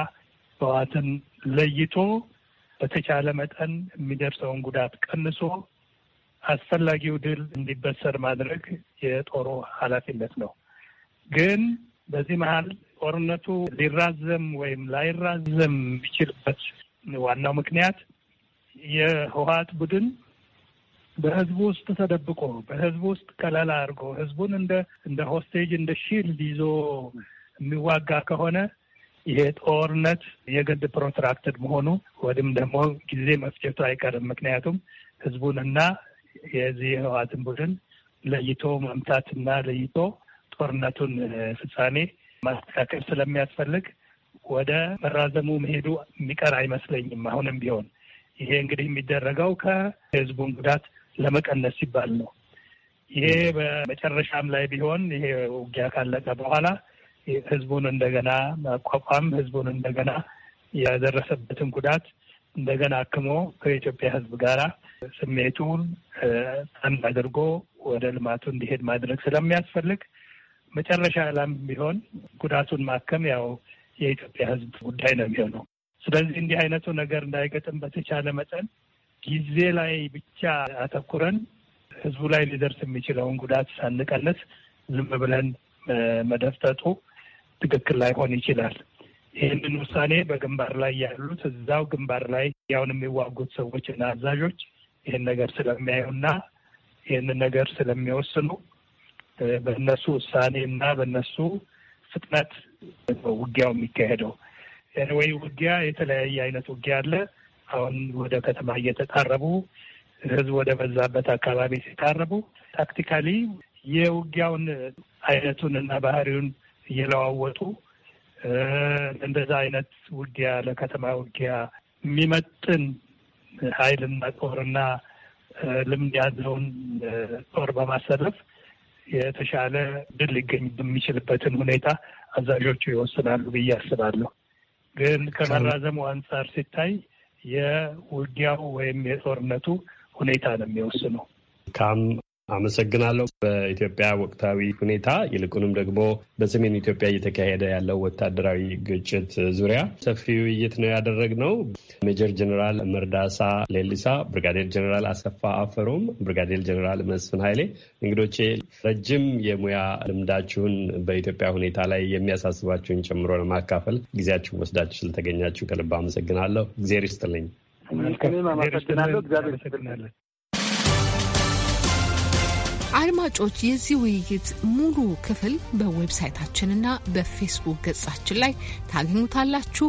ህወሓትን ለይቶ በተቻለ መጠን የሚደርሰውን ጉዳት ቀንሶ አስፈላጊው ድል እንዲበሰር ማድረግ የጦሩ ኃላፊነት ነው። ግን በዚህ መሀል ጦርነቱ ሊራዘም ወይም ላይራዘም የሚችልበት ዋናው ምክንያት የህወሀት ቡድን በህዝቡ ውስጥ ተደብቆ በህዝቡ ውስጥ ከለላ አድርጎ ህዝቡን እንደ እንደ ሆስቴጅ እንደ ሺልድ ይዞ የሚዋጋ ከሆነ ይሄ ጦርነት የግድ ፕሮትራክትድ መሆኑ ወይም ደግሞ ጊዜ መፍጀቱ አይቀርም። ምክንያቱም ህዝቡንና የዚህ የህወሓትን ቡድን ለይቶ መምታትና ለይቶ ጦርነቱን ፍጻሜ ማስተካከል ስለሚያስፈልግ ወደ መራዘሙ መሄዱ የሚቀር አይመስለኝም። አሁንም ቢሆን ይሄ እንግዲህ የሚደረገው ከህዝቡን ጉዳት ለመቀነስ ሲባል ነው። ይሄ በመጨረሻም ላይ ቢሆን ይሄ ውጊያ ካለቀ በኋላ ህዝቡን እንደገና ማቋቋም፣ ህዝቡን እንደገና የደረሰበትን ጉዳት እንደገና አክሞ ከኢትዮጵያ ህዝብ ጋራ ስሜቱን አንድ አድርጎ ወደ ልማቱ እንዲሄድ ማድረግ ስለሚያስፈልግ መጨረሻ ላም ቢሆን ጉዳቱን ማከም ያው የኢትዮጵያ ሕዝብ ጉዳይ ነው የሚሆነው። ስለዚህ እንዲህ አይነቱ ነገር እንዳይገጥም በተቻለ መጠን ጊዜ ላይ ብቻ አተኩረን ሕዝቡ ላይ ሊደርስ የሚችለውን ጉዳት ሳንቀንስ ዝም ብለን መደፍጠጡ ትክክል ላይሆን ይችላል። ይህንን ውሳኔ በግንባር ላይ ያሉት እዛው ግንባር ላይ ያውን የሚዋጉት ሰዎችና አዛዦች ይህን ነገር ስለሚያዩና ይህንን ነገር ስለሚወስኑ በእነሱ ውሳኔ እና በእነሱ ፍጥነት ነው ውጊያው የሚካሄደው። ወይ ውጊያ የተለያየ አይነት ውጊያ አለ። አሁን ወደ ከተማ እየተቃረቡ ህዝብ ወደ በዛበት አካባቢ ሲቃረቡ ታክቲካሊ የውጊያውን አይነቱን እና ባህሪውን እየለዋወጡ እንደዛ አይነት ውጊያ ለከተማ ውጊያ የሚመጥን ኃይልና ጦርና ልምድ ያለውን ጦር በማሰለፍ የተሻለ ድል ሊገኝ የሚችልበትን ሁኔታ አዛዦቹ ይወስናሉ ብዬ አስባለሁ። ግን ከመራዘሙ አንጻር ሲታይ የውጊያው ወይም የጦርነቱ ሁኔታ ነው የሚወስነው። ካም አመሰግናለሁ። በኢትዮጵያ ወቅታዊ ሁኔታ ይልቁንም ደግሞ በሰሜን ኢትዮጵያ እየተካሄደ ያለው ወታደራዊ ግጭት ዙሪያ ሰፊ ውይይት ነው ያደረግነው። ሜጀር ጀነራል መርዳሳ ሌሊሳ፣ ብርጋዴር ጀነራል አሰፋ አፈሮም፣ ብርጋዴር ጀነራል መስፍን ኃይሌ እንግዶቼ ረጅም የሙያ ልምዳችሁን በኢትዮጵያ ሁኔታ ላይ የሚያሳስባችሁን ጨምሮ ለማካፈል ጊዜያችሁን ወስዳችሁ ስለተገኛችሁ ከልብ አመሰግናለሁ። እግዜር ይስጥልኝ። አድማጮች የዚህ ውይይት ሙሉ ክፍል በዌብሳይታችንና በፌስቡክ ገጻችን ላይ ታገኙታላችሁ።